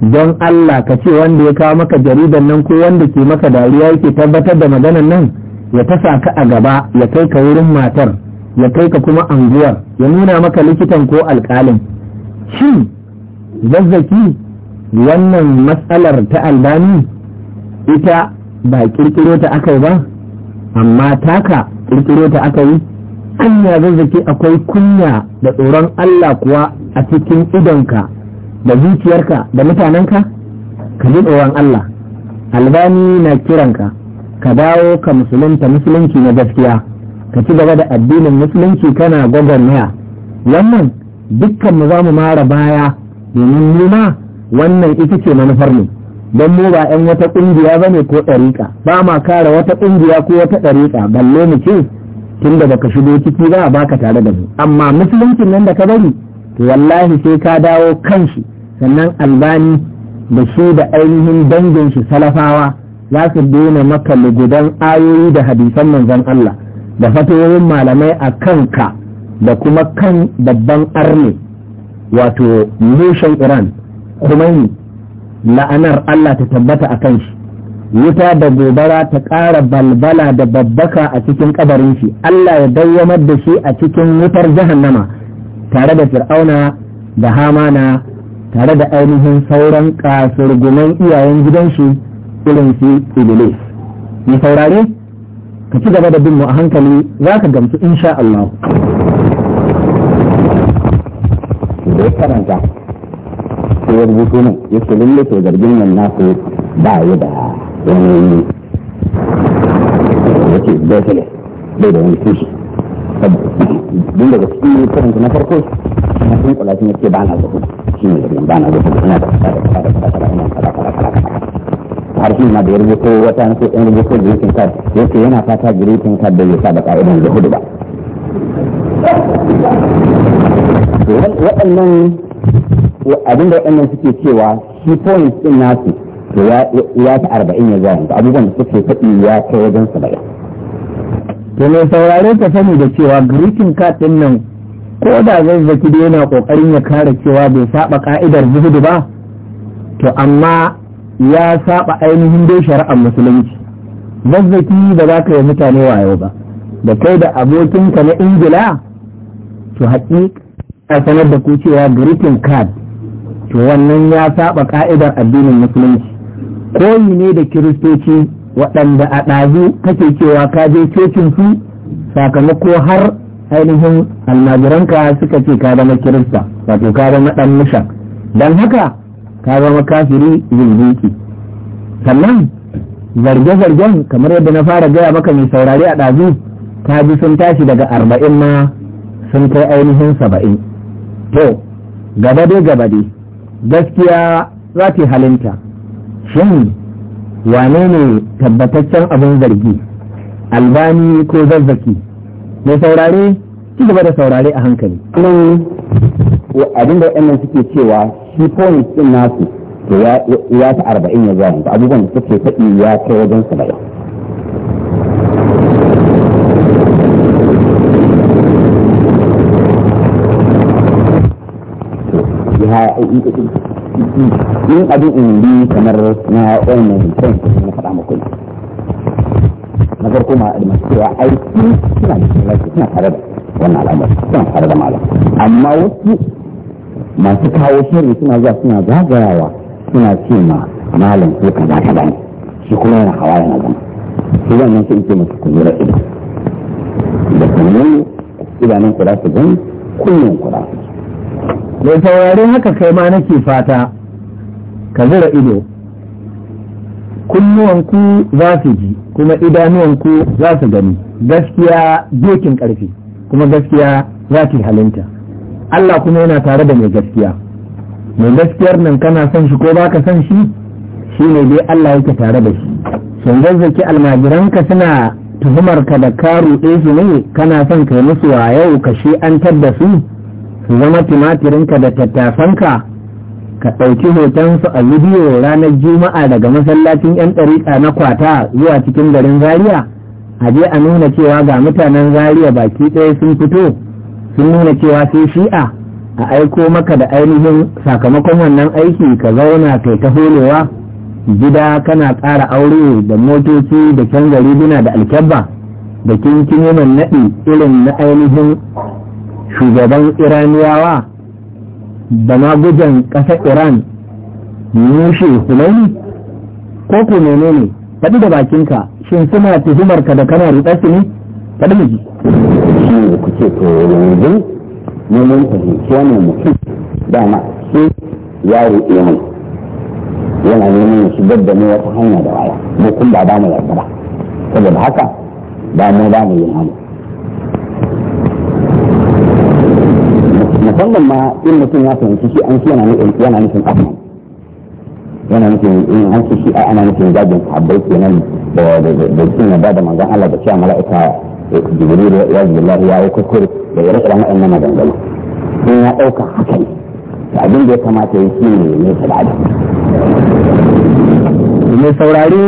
don Allah ka ce wanda ya kawo maka jaridar nan ko wanda ke maka dariya yake tabbatar da maganan nan ya tasa ka a gaba ya kai ka wurin matar ya kai ka kuma anguwar ya nuna maka likitan ko alƙalin shin zazzaki wannan matsalar ta albani ita ba kirkiro ta aka yi ba amma taka kirkiro ta aka yi anya zazzaki akwai kunya da tsoron Allah kuwa a cikin idonka da zuciyarka da mutanenka ka ji tsoron Allah albani na kiranka ka dawo ka musulunta musulunci na gaskiya ka ci gaba da addinin musulunci kana gwagwarmaya wannan dukkan mu za mu mara baya domin nuna wannan ita ce manufar ne don mu ba yan wata ƙungiya ba ne ko ɗariƙa ba ma kare wata ƙungiya ko wata ɗariƙa balle mu ce tun da baka shigo ciki ba a baka tare da mu amma musuluncin nan da ka bari to wallahi sai ka dawo kanshi sannan albani da shi da ainihin dangin shi salafawa za su daina maka lugudan ayoyi da hadisan manzon Allah da fatoyin malamai a kanka da kuma kan babban arne wato nushen Iran kumai la'anar Allah ta tabbata a kan shi wuta da gobara ta ƙara balbala da babbaka a cikin kabarin shi Allah ya dawwamar da shi a cikin wutar nama, tare da fir'auna da hamana tare da ainihin sauran kasurguman iyayen gidan shi irin su iblis saurari? saurare ka ci gaba da bin mu a hankali za ka gamsu insha Allah. sai ya rubuto nan ya ce lalle to zargin nan naku ba ya da wani ya ce dokile bai da wani tushe don daga cikin karanta na farko na sun kula shi ne ba na zuhu shi ne zargin ba na zuhu ina da kada kada kada kada kada har shi ma da ya rubuto wata yanzu yan rubuto greeting card ya ce yana fata greeting card da ya sa da ka'idan zuhudu ba waɗannan Abin abinda waɗannan suke cewa shi points ɗin nasu to ya ta arba'in ya zai yanzu abubuwan da suke faɗi ya kai wajen saba'in. to mai saurare ka sani da cewa greeting card ɗin nan ko da zai zaki da yana ƙoƙarin ya kare cewa bai saba ka'idar zuhudu ba to amma ya saba ainihin dai shari'ar musulunci zazzaki ba za ka yi mutane wayo ba da kai da abokinka na ingila to haƙiƙa sanar da ku cewa greeting card to wannan ya saba ka'idar addinin musulunci koyi ne da kiristoci waɗanda a ɗazu kake cewa ka je cocin su sakamako har ainihin almajiranka suka ce ka zama kirista wato ka zama ɗan mishan don haka ka zama kafiri zinziki sannan zarge-zargen kamar yadda na fara gaya maka mai saurari a ɗazu ka ji sun tashi daga arba'in ma sun kai ainihin saba'in to gaba dai gaba dai gaskiya za ta halinta shin wane ne tabbataccen abin zargi albani ko zazzaki mai saurare ci gaba da saurare a hankali abin da wa'annan suke cewa shi point ɗin nasu ya ta arba'in ya zuwa abubuwan da suke faɗi ya ta wajen saba'in ha yin abin indi kamar na wannan kan na faɗa muku na farko ma da masu cewa aiki suna da lafiya suna tare da wannan al'amari suna tare da malam amma wasu masu kawo shirin suna zuwa suna zagayawa suna ce ma malam ko kaza kaza ne shi kuma yana hawa yana zama shi wannan sai ce masu ku lura ido da kuma idanun ku za su gani kullum ku za su mai saurare haka kai ma nake fata ka zira ido kunnuwanku za su ji kuma idanuwanku za su gani gaskiya dokin ƙarfi kuma gaskiya za ki halinta Allah kuma yana tare da mai gaskiya mai gaskiyar nan kana son shi ko baka son shi shi ne dai Allah yake tare da shi Sun zazzaki almajiranka suna tuhumar ka da karu ɗaya su ne kana son kai musu wa yau ka shi an da su su zama timatirinka da tattafanka ka ɗauki hoton su a bidiyo ranar juma'a daga masallacin 'yan ɗariƙa na kwata zuwa cikin garin zariya a je a nuna cewa ga mutanen zariya baki ɗaya sun fito sun nuna cewa sai shi'a a aiko maka da ainihin sakamakon wannan aiki ka zauna kai ta holewa gida kana ƙara aure da motoci da can gari da alkyabba da kinkin naɗi irin na ainihin shugaban iraniyawa da magudan ƙasar iran nushe hunaini ko ku menene faɗi da bakinka shin suna tuhumar ka da kana rudar su ne faɗi mu ji shi kuke to yanzu neman fahimci wani mutum dama shi ya ruɗe mai. yana neman shi da ne wata hanya da waya mu kun ba mu yarda ba saboda haka ba mu ba mu hannu wannan ma in mutum ya fahimci shi an shi yana nufin ahmad yana nufin in an shi shi ana nufin gajin sahabbai kenan da da cin ba da manzon Allah da cewa mala'ika jibril ya jibril ya yi kuskure da ya rasa wannan maganganu in ya dauka hakan da abin da ya kamata ya shi ne ne sadada mai saurari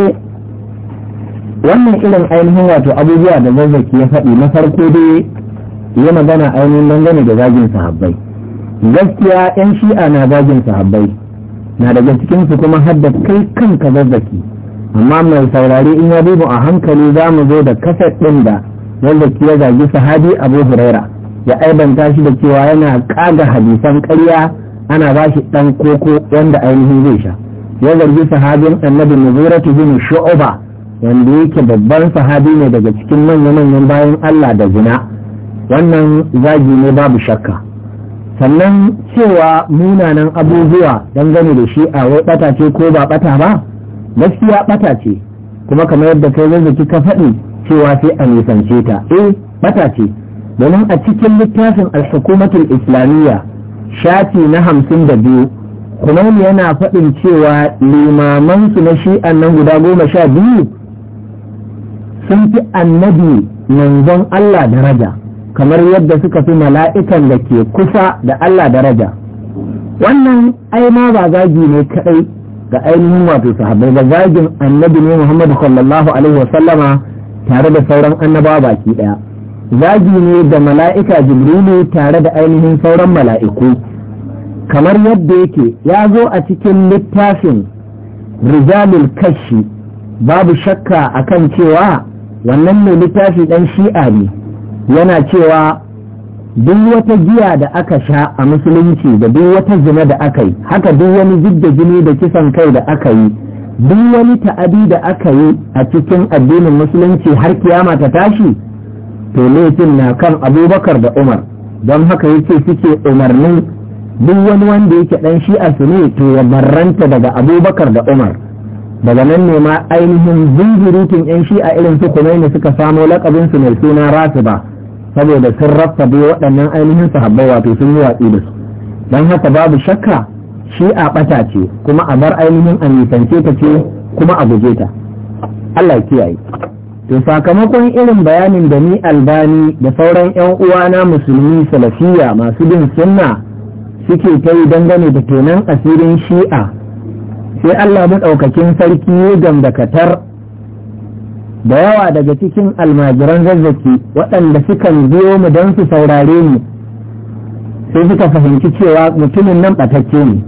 wannan irin ainihin wato abubuwa da zazzaki ya faɗi na farko dai ya magana ainihin dangane da zagin sahabbai gaskiya yan shi'a na zagin sahabbai na daga cikin su kuma hadda kai kanka zazzaki amma mai saurari in ya duba a hankali za mu zo da kasar ɗin da wanda ki ya zagi sahabi abu huraira ya aibanta shi da cewa yana kaga hadisan ƙarya ana ba shi ɗan koko wanda ainihin zai sha ya zargi sahabin annabi muzuratu bin shu'uba wanda yake babban sahabi ne daga cikin manya-manyan bayan Allah da zina wannan zagi ne babu shakka sannan cewa munanan abubuwa dangane da shi a wai bata ce ko ba bata ba gaskiya bata ce kuma kamar yadda kai zazzaki ka faɗi cewa sai a nisance ta eh bata ce domin a cikin littafin al-hukumatul islamiyya shafi na hamsin da biyu Khomeini yana faɗin cewa limamansu na shi'an nan guda goma sha biyu sun fi annabi manzon Allah daraja kamar yadda suka fi mala'ikan da ke kusa da Allah daraja wannan ai ma ba zagi ne kadai ga ainihin wato sahabbai ba zagin annabi ne Muhammadu sallallahu alaihi wa sallama tare da sauran annabawa baki daya zagi ne da mala'ika jibrilu tare da ainihin sauran mala'iku kamar yadda yake ya zo a cikin littafin rijalul kashi babu shakka akan cewa wannan mai littafi dan shi'a ne yana cewa duk wata giya da aka sha a musulunci da duk wata zina da aka yi haka duk wani zidda jini da kisan kai da aka yi duk wani ta'adi da aka yi a cikin addinin musulunci har kiyama ta tashi to laifin na kan abubakar da umar don haka yake suke umarnin duk wani wanda yake dan a su ne to ya barranta daga abubakar da umar daga nan ne ma ainihin zunzurutun yan a irin su kuma ne suka samo lakabin su mai suna rasu ba saboda sun rafta bai waɗannan ainihin sahabbai wato sun yi watsi da su don haka babu shakka shi a ɓata ce kuma a bar ainihin a nisance ta ce kuma a guje ta Allah ya kiyaye to sakamakon irin bayanin da ni albani da sauran yan uwana musulmi salafiya masu bin sunna suke ta yi dangane da kenan asirin shi'a sai Allah maɗaukakin sarki ya gamdakatar da yawa daga cikin almajiran zazzaki waɗanda sukan biyo mu don su saurare mu sai suka fahimci cewa mutumin nan ɓatacce ne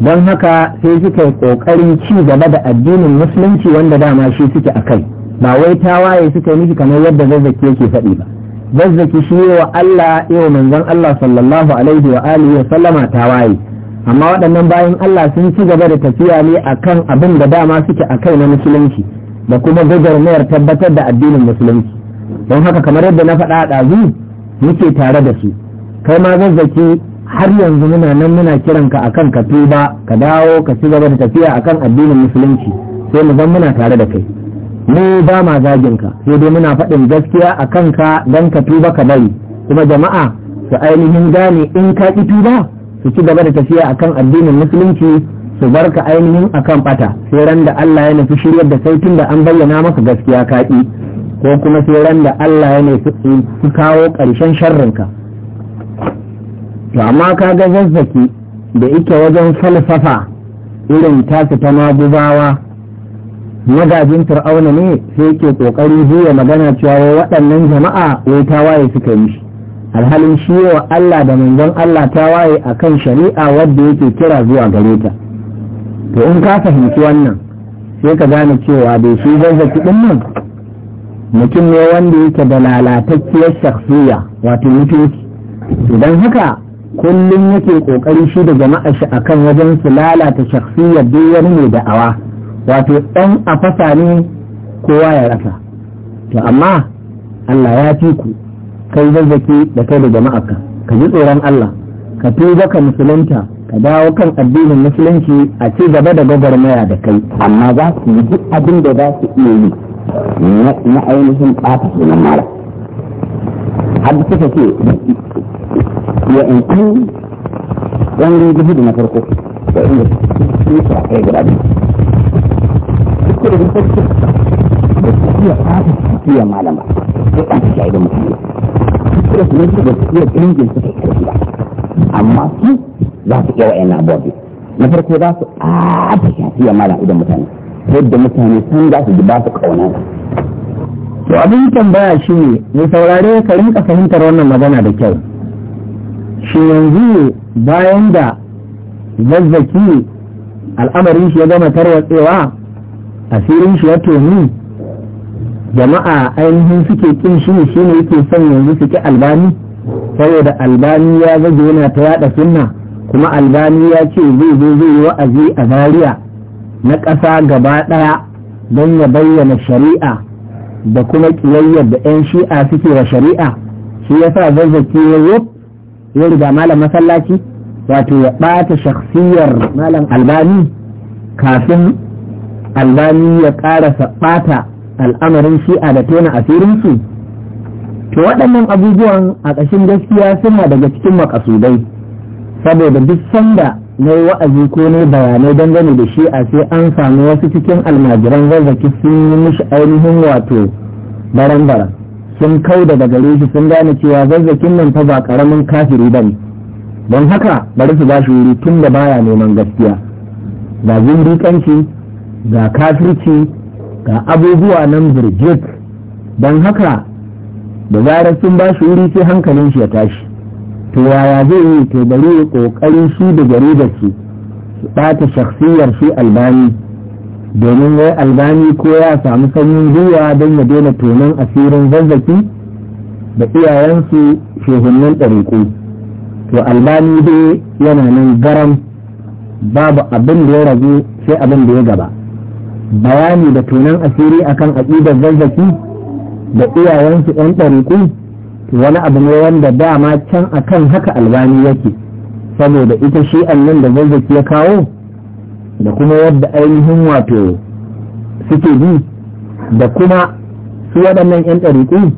don haka sai suka yi ƙoƙarin ci gaba da addinin musulunci wanda dama shi suke a kai ba wai tawaye suka yi miki kamar yadda zazzaki yake faɗi ba zazzaki shi wa Allah yau manzon Allah sallallahu alaihi wa alihi wa sallama tawaye amma waɗannan bayan Allah sun ci gaba da tafiya ne akan abin da dama suke a kai na musulunci da kuma gwagwarmayar tabbatar da addinin musulunci don haka kamar yadda na faɗa a ɗazu muke tare da su kai ma zazzaki har yanzu muna nan muna kiran ka akan ka tuba ka dawo ka ci gaba da tafiya akan addinin musulunci sai mu zan muna tare da kai mu ba ma zagin ka sai dai muna faɗin gaskiya akan ka dan ka tuba ka bari kuma jama'a su ainihin gane in ka ki tuba su ci gaba da tafiya akan addinin musulunci su barka ainihin akan bata sai ran da Allah ya nufi shiryar da kai tun da an bayyana maka gaskiya kaɗi ko kuma sai ran da Allah ya nufi su kawo ƙarshen sharrinka to amma ka ga zazzaki da ike wajen falsafa irin tasu ta magubawa magajin fir'auna ne sai ke kokari zuwa magana cewa waɗannan jama'a wai waye suka yi shi alhalin shi wa Allah da manzon Allah ta tawaye akan shari'a wadda yake kira zuwa gare ta to in ka fahimci wannan sai ka gane cewa bai shi zazzaki din nan mutum ne wanda yake da lalatacciyar shakhsiya wato mutunci idan haka kullum yake kokari shi da jama'a shi akan wajen su lalata shakhsiyar duk wani mai da'awa wato ɗan a fasa ne kowa ya rasa to amma Allah ya fi ku kai zazzaki da kai da jama'a ka ji tsoron Allah ka tuba ka musulunta ka dawo kan addinin musulunci a ci gaba da gwagwarmaya da kai amma za su yi duk abin da za su iya yi na ainihin ɓata sunan mara har da suka ce ya in kun yan gudu na farko da inda su yi a kai guda biyu kuɗin sarki da su iya ɓata su iya malama sai ɓata shi a idan mutum ne kuɗin su ne su da su iya ƙirin jinsu da ƙarfi ba amma su za su iya wa'yan abubuwa na farko za su shafi shafiya mala idan mutane yadda mutane sun za su ji ba su ƙauna to abin tambaya shi ne mai saurare ka rinka fahimtar wannan magana da kyau shi yanzu bayan da zazzaki al'amarin shi ya gama tarwatsewa asirin shi ya toni jama'a ainihin suke kin shi ne shi ne yake son yanzu suke albani saboda albani ya zage yana ta yada sunna kuma albani ya ce zai zo zai yi wa'azi a Zariya, na ƙasa gaba ɗaya don ya bayyana shari'a da kuma ƙiyayyar da 'yan shi'a suke wa shari'a shi ya sa zazzaki ya zo ya riga malam masallaci wato ya ɓata shakhsiyar malam albani kafin albani ya ƙarasa ɓata al'amarin shi'a da tona asirinsu to waɗannan abubuwan a ƙashin gaskiya suna daga cikin makasudai saboda duk sanda na yi wa'azi ko ne bayanai dangane da shi a sai an samu wasu cikin almajiran zazzaki sun yi mishi ainihin wato baran-baran sun kau daga gare shi sun gane cewa zazzakin nan fa ba karamin kafiri ba ne don haka bari su ba shi wuri tun da baya neman gaskiya ga zindikanci ga kafirci ga abubuwa nan birjit don haka da zarar sun ba shi wuri sai hankalin shi ya tashi to yaya zai yi to bari ya kokarin shi da jaridar ce su ɓata shakhsiyar shi albani domin wai albani ko ya samu sanyin zuwa don ya daina tonon asirin zazzaki da iyayensu shehunnan ɗariƙo to albani dai yana nan garam babu abin da ya ragu sai abin da ya gaba bayani da tunan asiri akan aƙidar zazzaki da iyayensu 'yan ɗariƙu wani abu ne wanda dama can akan haka albani yake saboda ita shi nan da zazzaki ya kawo da kuma yadda ainihin wato suke bi da kuma su waɗannan 'yan ɗariƙu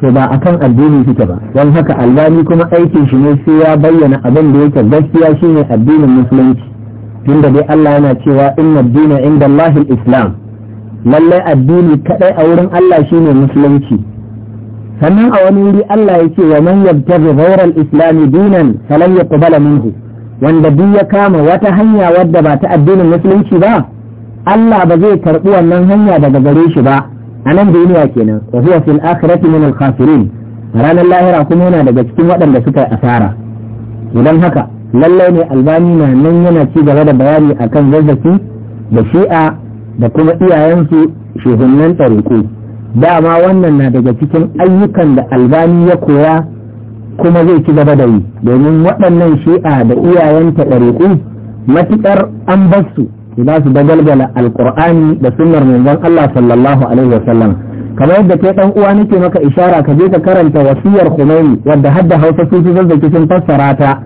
to ba akan addini suke ba don haka albani kuma aikin shi ne sai ya bayyana abin da yake gaskiya shine addinin musulunci tunda dai Allah yana cewa inna dina inda Islam lallai addini kaɗai a wurin Allah shine musulunci sannan a wani wuri Allah ya ce wa man yabtaghi ghayra al-islam dinan falan yuqbala minhu wanda duk ya kama wata hanya wadda ba ta addinin musulunci ba Allah ba zai karbi wannan hanya daga gare shi ba a nan duniya kenan wa huwa fil akhirati min al-khasirin ranar lahira kuma yana daga cikin waɗanda suka yi asara idan haka lallai ne albani na nan yana ci gaba da bayani akan zazzaki da shi'a da kuma iyayensu shehunan tsariƙu dama wannan na daga cikin ayyukan da albani ya koya kuma zai ci gaba da yi domin waɗannan shi'a da iyayenta ɗariƙu matuƙar an basu su za su dagalgala alƙur'ani da sunnar manzon Allah sallallahu alaihi wa sallam kamar yadda kai ɗan uwa nake maka ishara ka je ka karanta wasiyar Khomeini wadda hadda Hausa sun zazzaki sun fassara ta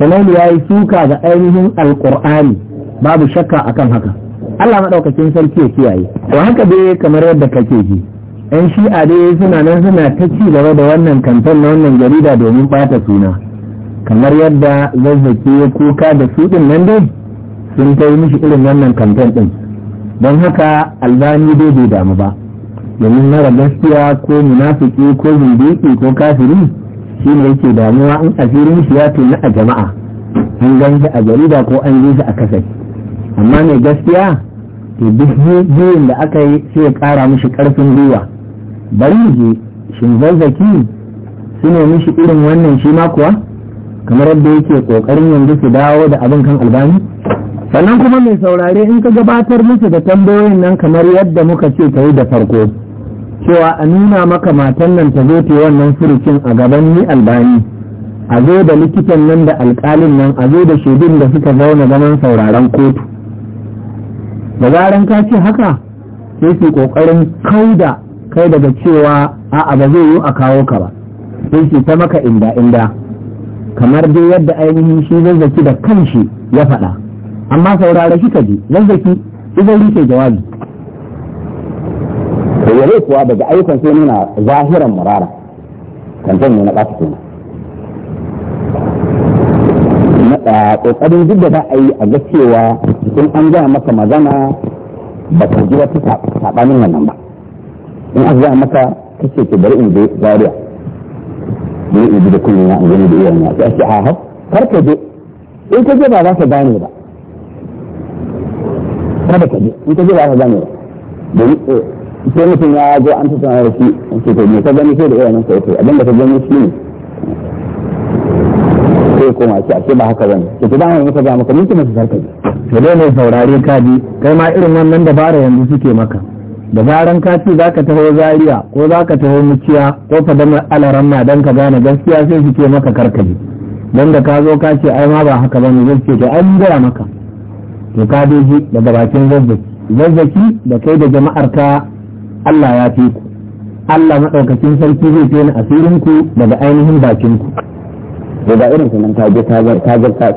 Khomeini yayi suka ga ainihin alƙur'ani babu shakka akan haka Allah madaukakin sarki ya kiyaye to haka dai kamar yadda kake ji yan shi'a dai suna nan suna ta ci gaba da wannan kamfen na wannan jarida domin bata suna kamar yadda zazzaki ya kuka da su ɗin nan dai sun kai mishi irin wannan kamfen ɗin don haka albani dai bai damu ba domin mara gaskiya ko munafiki ko zindiki ko kafiri shi ne yake damuwa in asirin shi ya tuni a jama'a an gan shi a jarida ko an yi shi a kasai amma mai gaskiya to duk biyun da aka yi sai ya kara mishi karfin gwiwa bari je shin zazzaki su ne mishi irin wannan shi ma kuwa kamar yadda yake kokarin yanzu su dawo da abin kan albani sannan kuma mai saurare in ka gabatar musu da tambayoyin nan kamar yadda muka ce ta yi da farko cewa a nuna maka matan nan ta zo ta wannan furucin a gaban ni albani a zo da likitan nan da alkalin nan a zo da shaidun da suka zauna zaman sauraron kotu da zaran ka ce haka sai su kokarin kauda kai daga cewa a'a ba zai yi a kawo ka ba sun ce ta maka inda inda kamar dai yadda ainihin shi zazzaki da kanshi ya faɗa amma saurara shi ka ji zazzaki izari ke jawabi yare kuwa daga ayyukan sai nuna zahiran murara kan ne na ɓata kenan kokarin duk da za a yi a ga cewa in an gaya maka magana ba ka ji wata saɓanin wannan ba in aka zuwa maka kace ki bari in je Zaria ne in da kullum na gani da iyayen ya ce a hab kar ka je in ka je ba za ka gane ba kada ka je in ka je ba za ka gane ba domin eh, sai mutum ya zo an tattauna da shi an ce ne ka gani sai da iyayen ka yake abin da ka gani shi ne sai koma ce ce ba haka bane to ki dama ka ga maka mun kuma su sarka ne dole ne saurare ka bi kai ma irin wannan dabara yanzu suke maka da zaran ka ce za ka taho Zariya ko za ka taho muciya ko alaran ma don ka gane gaskiya sai su ce maka karkaje don da ka zo ka ce ai ma ba haka ba ne zai ce da an gaya maka to ka doji daga bakin zazzaki zazzaki da kai da jama'ar ka Allah ya fi ku Allah maɗaukacin sarki zai fi ni asirin ku daga ainihin bakin ku to ga irin sunan ka je ka ga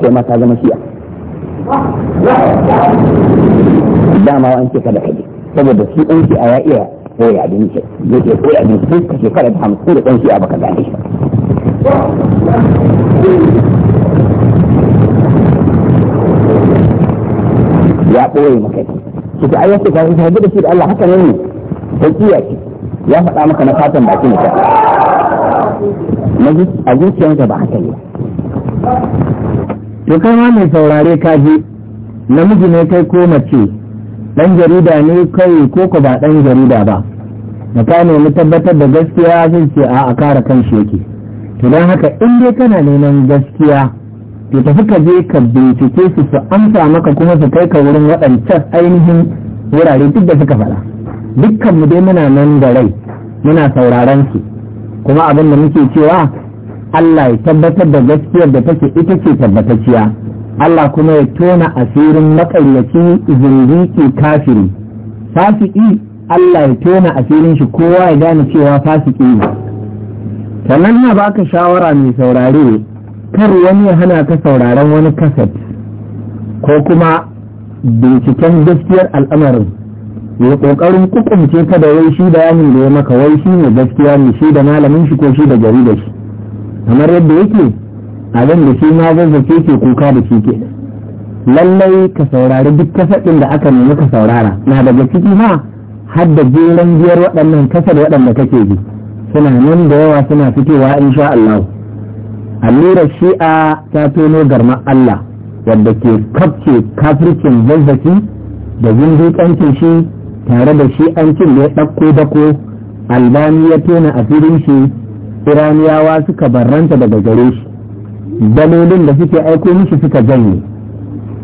kai ma ka zama shi'a dama an ce kada ka je saboda shi ɗan shi a ya iya koya abinci ya ke koya abinci duk ka shekara da hamsin da ɗan shi a baka gane shi ya ɓoye maka ne shi ta ayyar shekara ta haɗu da shi da Allah haka ne ta kiya ce ya faɗa maka na fatan baki ne a zuciyarka ba haka ne to kai ma mai saurare ka ji namiji ne kai ko mace ɗan jarida ne kai ko ka ba ɗan jarida ba da ka nemi tabbatar da gaskiya zai ce a kare kanshi yake to don haka in dai kana neman gaskiya to tafi ka je ka bincike su su amsa maka kuma su kai ka wurin waɗancan ainihin wurare duk da suka faɗa dukkan mu dai muna nan da rai muna sauraron su kuma abin da muke cewa Allah ya tabbatar da gaskiyar da take ita ce tabbatacciya Allah kuma ya tona asirin maƙaryaci zindiki kafiri fasiki Allah ya tona asirin shi kowa ya gane cewa fasiki ne sannan na baka shawara mai saurare kar wani ya hana ka sauraren wani kaset ko kuma binciken gaskiyar al'amarin ya ƙoƙarin kukumce ka da wai shi bayanin da ya maka wai shi ne gaskiya ne shi da malamin shi ko shi da jaridar shi kamar yadda yake abin da shi ma zai zake ke kuka da shi ke lallai ka saurari duk kasaɗin da aka nemi ka saurara na daga ciki ma har da biyar waɗannan kasar waɗanda kake bi suna nan da yawa suna fitowa sha Allah allurar shi'a ta tono garma Allah wadda ke kafce kafircin zazzaki da zindiƙancin shi tare da shi an shi'ancin da ya ɗauko dako albani ya tona asirin shi iraniyawa suka barranta daga gare shi dalolin da suke aiko mishi suka janye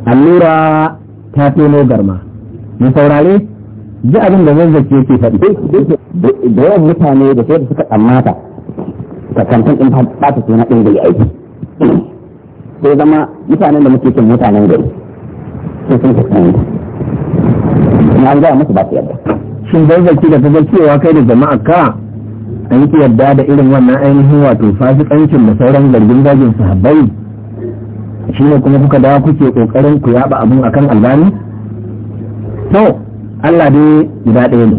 allura ta tono garma mu saurare ji abin da zazzaki yake faɗi da yawan mutane da sai da suka tsammata kakantan ɗin ba ta suna ɗin gari aiki sai zama mutanen da muke cin mutanen gari sai sun ka kan na an gaya musu ba su yadda shin zazzaki da ta cewa kai da jama'a ka an ki yadda da irin wannan ainihin wato fasikancin da sauran zargin zagin sahabbai shi ne kuma kuka dawo kuke kokarin ku yaba abun akan albani to Allah dai guda ɗaya ne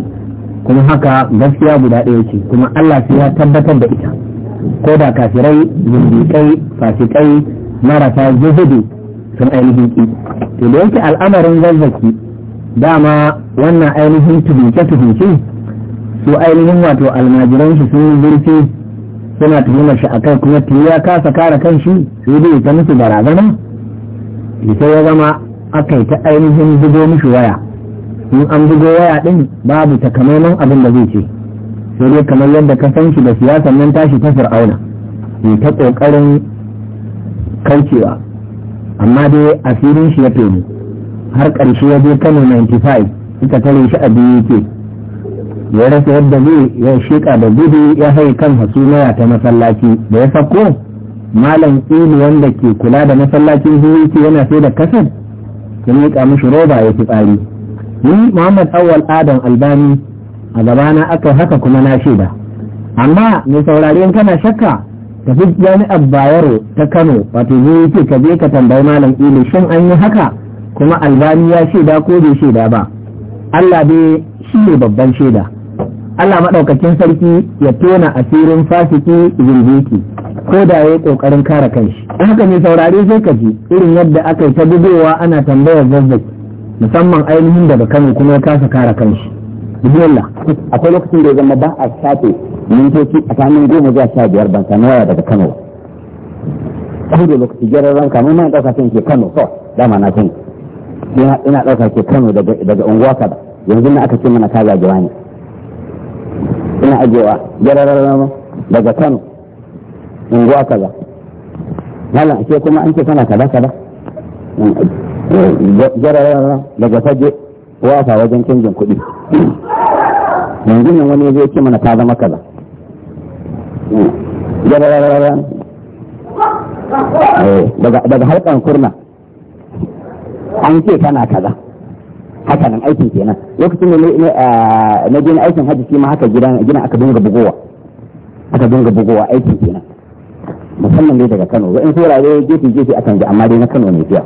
kuma haka gaskiya guda ɗaya ce kuma Allah sai ya tabbatar da ita ko da kafirai zindiƙai fasikai marasa zuhudu sun ainihin ki to da yake al'amarin zazzaki dama wannan ainihin tubince-tubince su ainihin wato almajiran shi sun zurfi suna tuhumar shi kai kuma ya kasa kare kan shi sai dai ta musu barazana sai ya zama akai yi ta ainihin bugo mishi waya in an bugo waya din babu takamaiman abin da zai ce sai dai kamar yadda ka san shi da siyasar nan tashi ta fir'auna ne ta kokarin kaucewa amma dai asirin shi ya toni har ƙarshe ya je kano 95 ita tare shi a biyu ke ya rasa yadda zai ya shika da gudu ya hai kan hasumaya ta masallaci da ya sako malam ilu wanda ke kula da masallacin zuwinci yana sai da kasar ya miƙa mishi roba ya fi tsari ni muhammad Auwal adam albani a gabana aka haka kuma na shaida amma mai saurare kana shakka tafi jami'ar bayero ta kano wato zuwinci ka je ka tambayi malam ilu shin an yi haka kuma albani ya shaida ko bai shaida ba Allah dai shi ne babban shaida Allah maɗaukakin sarki ya tona asirin fasiki zulbeki ko da ya yi ƙoƙarin kare kanshi in haka mai saurare sai ka ji irin yadda aka yi ta bugowa ana tambayar zazzaki musamman ainihin daga kano kuma ya kasa kare kanshi bismillah akwai lokacin da ya zama ba a shafe mintoci a kanin goma zuwa sha biyar ban sami waya daga kano Kun da lokaci ranka kamar na ɗauka kan ke kano kawai dama na kan. ina ɗauka ke kano daga unguwa ba. yanzu na aka ce mana kaza jawa ne ina ajewa jarararra daga kano unguwa kaza mana ke kuma an ce kana kaza kaza jarararra daga faje wata wajen canjin kuɗi yanzu wani zai ce mana ta zama kaza jarararra eh, daga harkar kurna an ce kana kaza haka nan aikin kenan lokacin ne na je aikin hajji shi ma haka gidan aka dinga bugowa aka dinga bugowa aikin kenan musamman ne daga Kano wa'in saurare gefe gefe akan ji amma dai na Kano ne fiya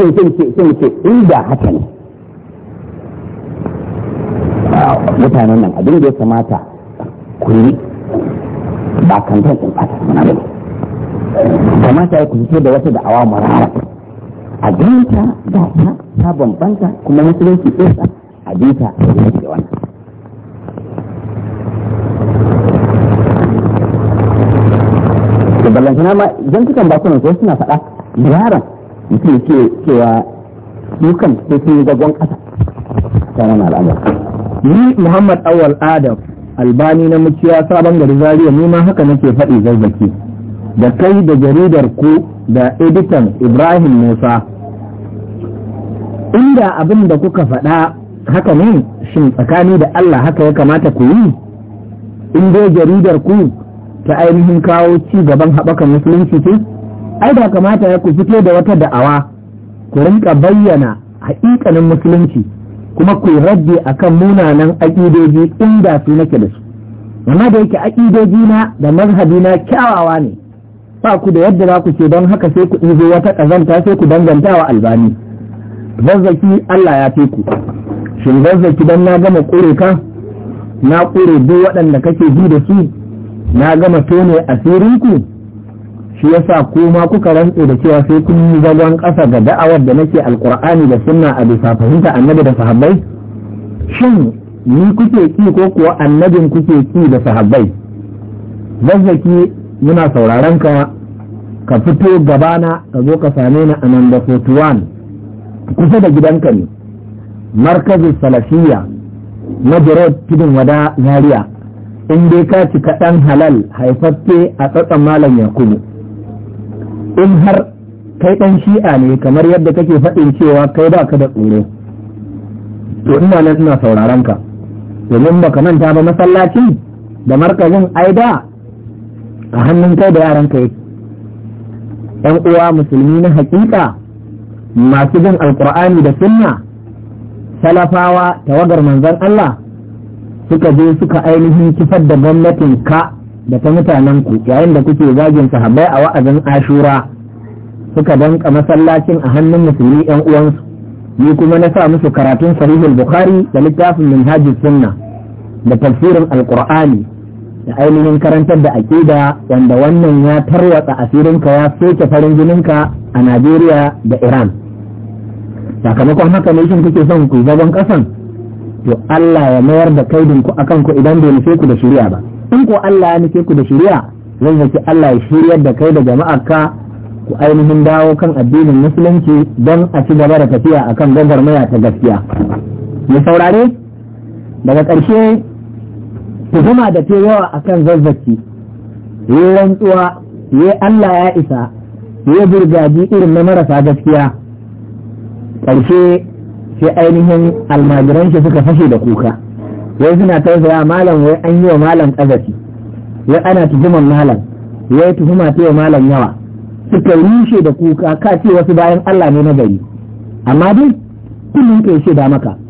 zai sun ce sun ce inda haka ne mutanen nan abin da ya kamata ku yi ba kankan in ɓata suna ba kamata ya kusurce da wata awa marara a ganta da ta ta bambanta kuma musulunci ɗinsa a bita a da wannan da ballantana ma idan kukan ba kuna sai suna faɗa yaran mutum ke cewa dukan sai sun yi gagon ƙasa ta wani al'amur ni muhammad awal adam albani na mukiya sabon gari zariya ni ma haka nake faɗi zazzaki da kai da jaridar ku da editan ibrahim musa inda abin da kuka faɗa haka ne shin tsakani da allah haka ya kamata ku yi in dai jaridar ku ta ainihin kawo ci gaban haɓakan musulunci ce ai da kamata ya ku fito da wata da'awa ku rinka bayyana haƙiƙanin musulunci kuma ku raddi akan munanan aƙidoji inda su nake da su amma da yake aƙidoji na da mazhabi na kyawawa ne ba ku da yadda za ku ce don haka sai ku ɗigo wata ƙazanta sai ku danganta wa albani zazzaki Allah ya fi ku shin zazzaki don na gama ƙure ka na ƙure duk waɗanda kake bi da su na gama tone asirin ku shi yasa ko ma kuka rantse da cewa sai kun yi zagon ƙasa ga da'awar da nake alƙur'ani da sunna a bisa fahimta annabi da sahabbai shin ni kuke ki ko kuwa annabin kuke ki da sahabbai zazzaki muna sauraron ka ka fito gabana ka zo ka same ni a nan da 41 kusa da gidanka ne markazin salafiya na jirot tudun wada Zariya. in dai ka ci kaɗan halal haifaffe a tsatsan malam yakubu in har kai ɗan shi'a ne kamar yadda kake faɗin cewa kai ba ka da tsoro to ina nan ina sauraron ka domin baka manta ba masallaci da markazin aida a hannun kai da yaran kai, ‘yan uwa musulmi na haƙiƙa masu jin alkur'ani da sunna salafawa, tawagar manzon Allah suka je suka ainihin kifar da gwamnatin ka da ta mutanen ku yayin da kuke zagin sahabbai a wa'azin ashura suka danka masallacin a hannun musulmi ‘yan uwansu ni kuma na sa musu karatun sahihul bukhari da littafin minhajus sunna da tafsirin alkur'ani da ainihin karantar da aƙida wanda wannan ya tarwatsa asirinka ya soke farin jininka a najeriya da iran sakamakon haka ne shin kuke son ku zagon ƙasan to allah ya mayar da kaidin ku akan ku idan bai nufe ku da shirya ba in ko allah ya nufe ku da shirya zan zaki allah ya shiryar da kai da jama'ar ka ku ainihin dawo kan addinin musulunci don a ci gaba da tafiya akan maya ta gaskiya mu saurare daga ƙarshe tuhuma da ta yawa akan zazzaki ya rantsuwa ya Allah ya isa ya burgaji irin na marasa gaskiya ƙarshe sai ainihin almajiran shi suka fashe da kuka wai suna tausaya malam wai an yi wa malam ƙazafi ya ana tuhuman malam yi tuhuma ta yi malam yawa suka rushe da kuka ka ce wasu bayan Allah ne na gari amma dai kullum ke shaida maka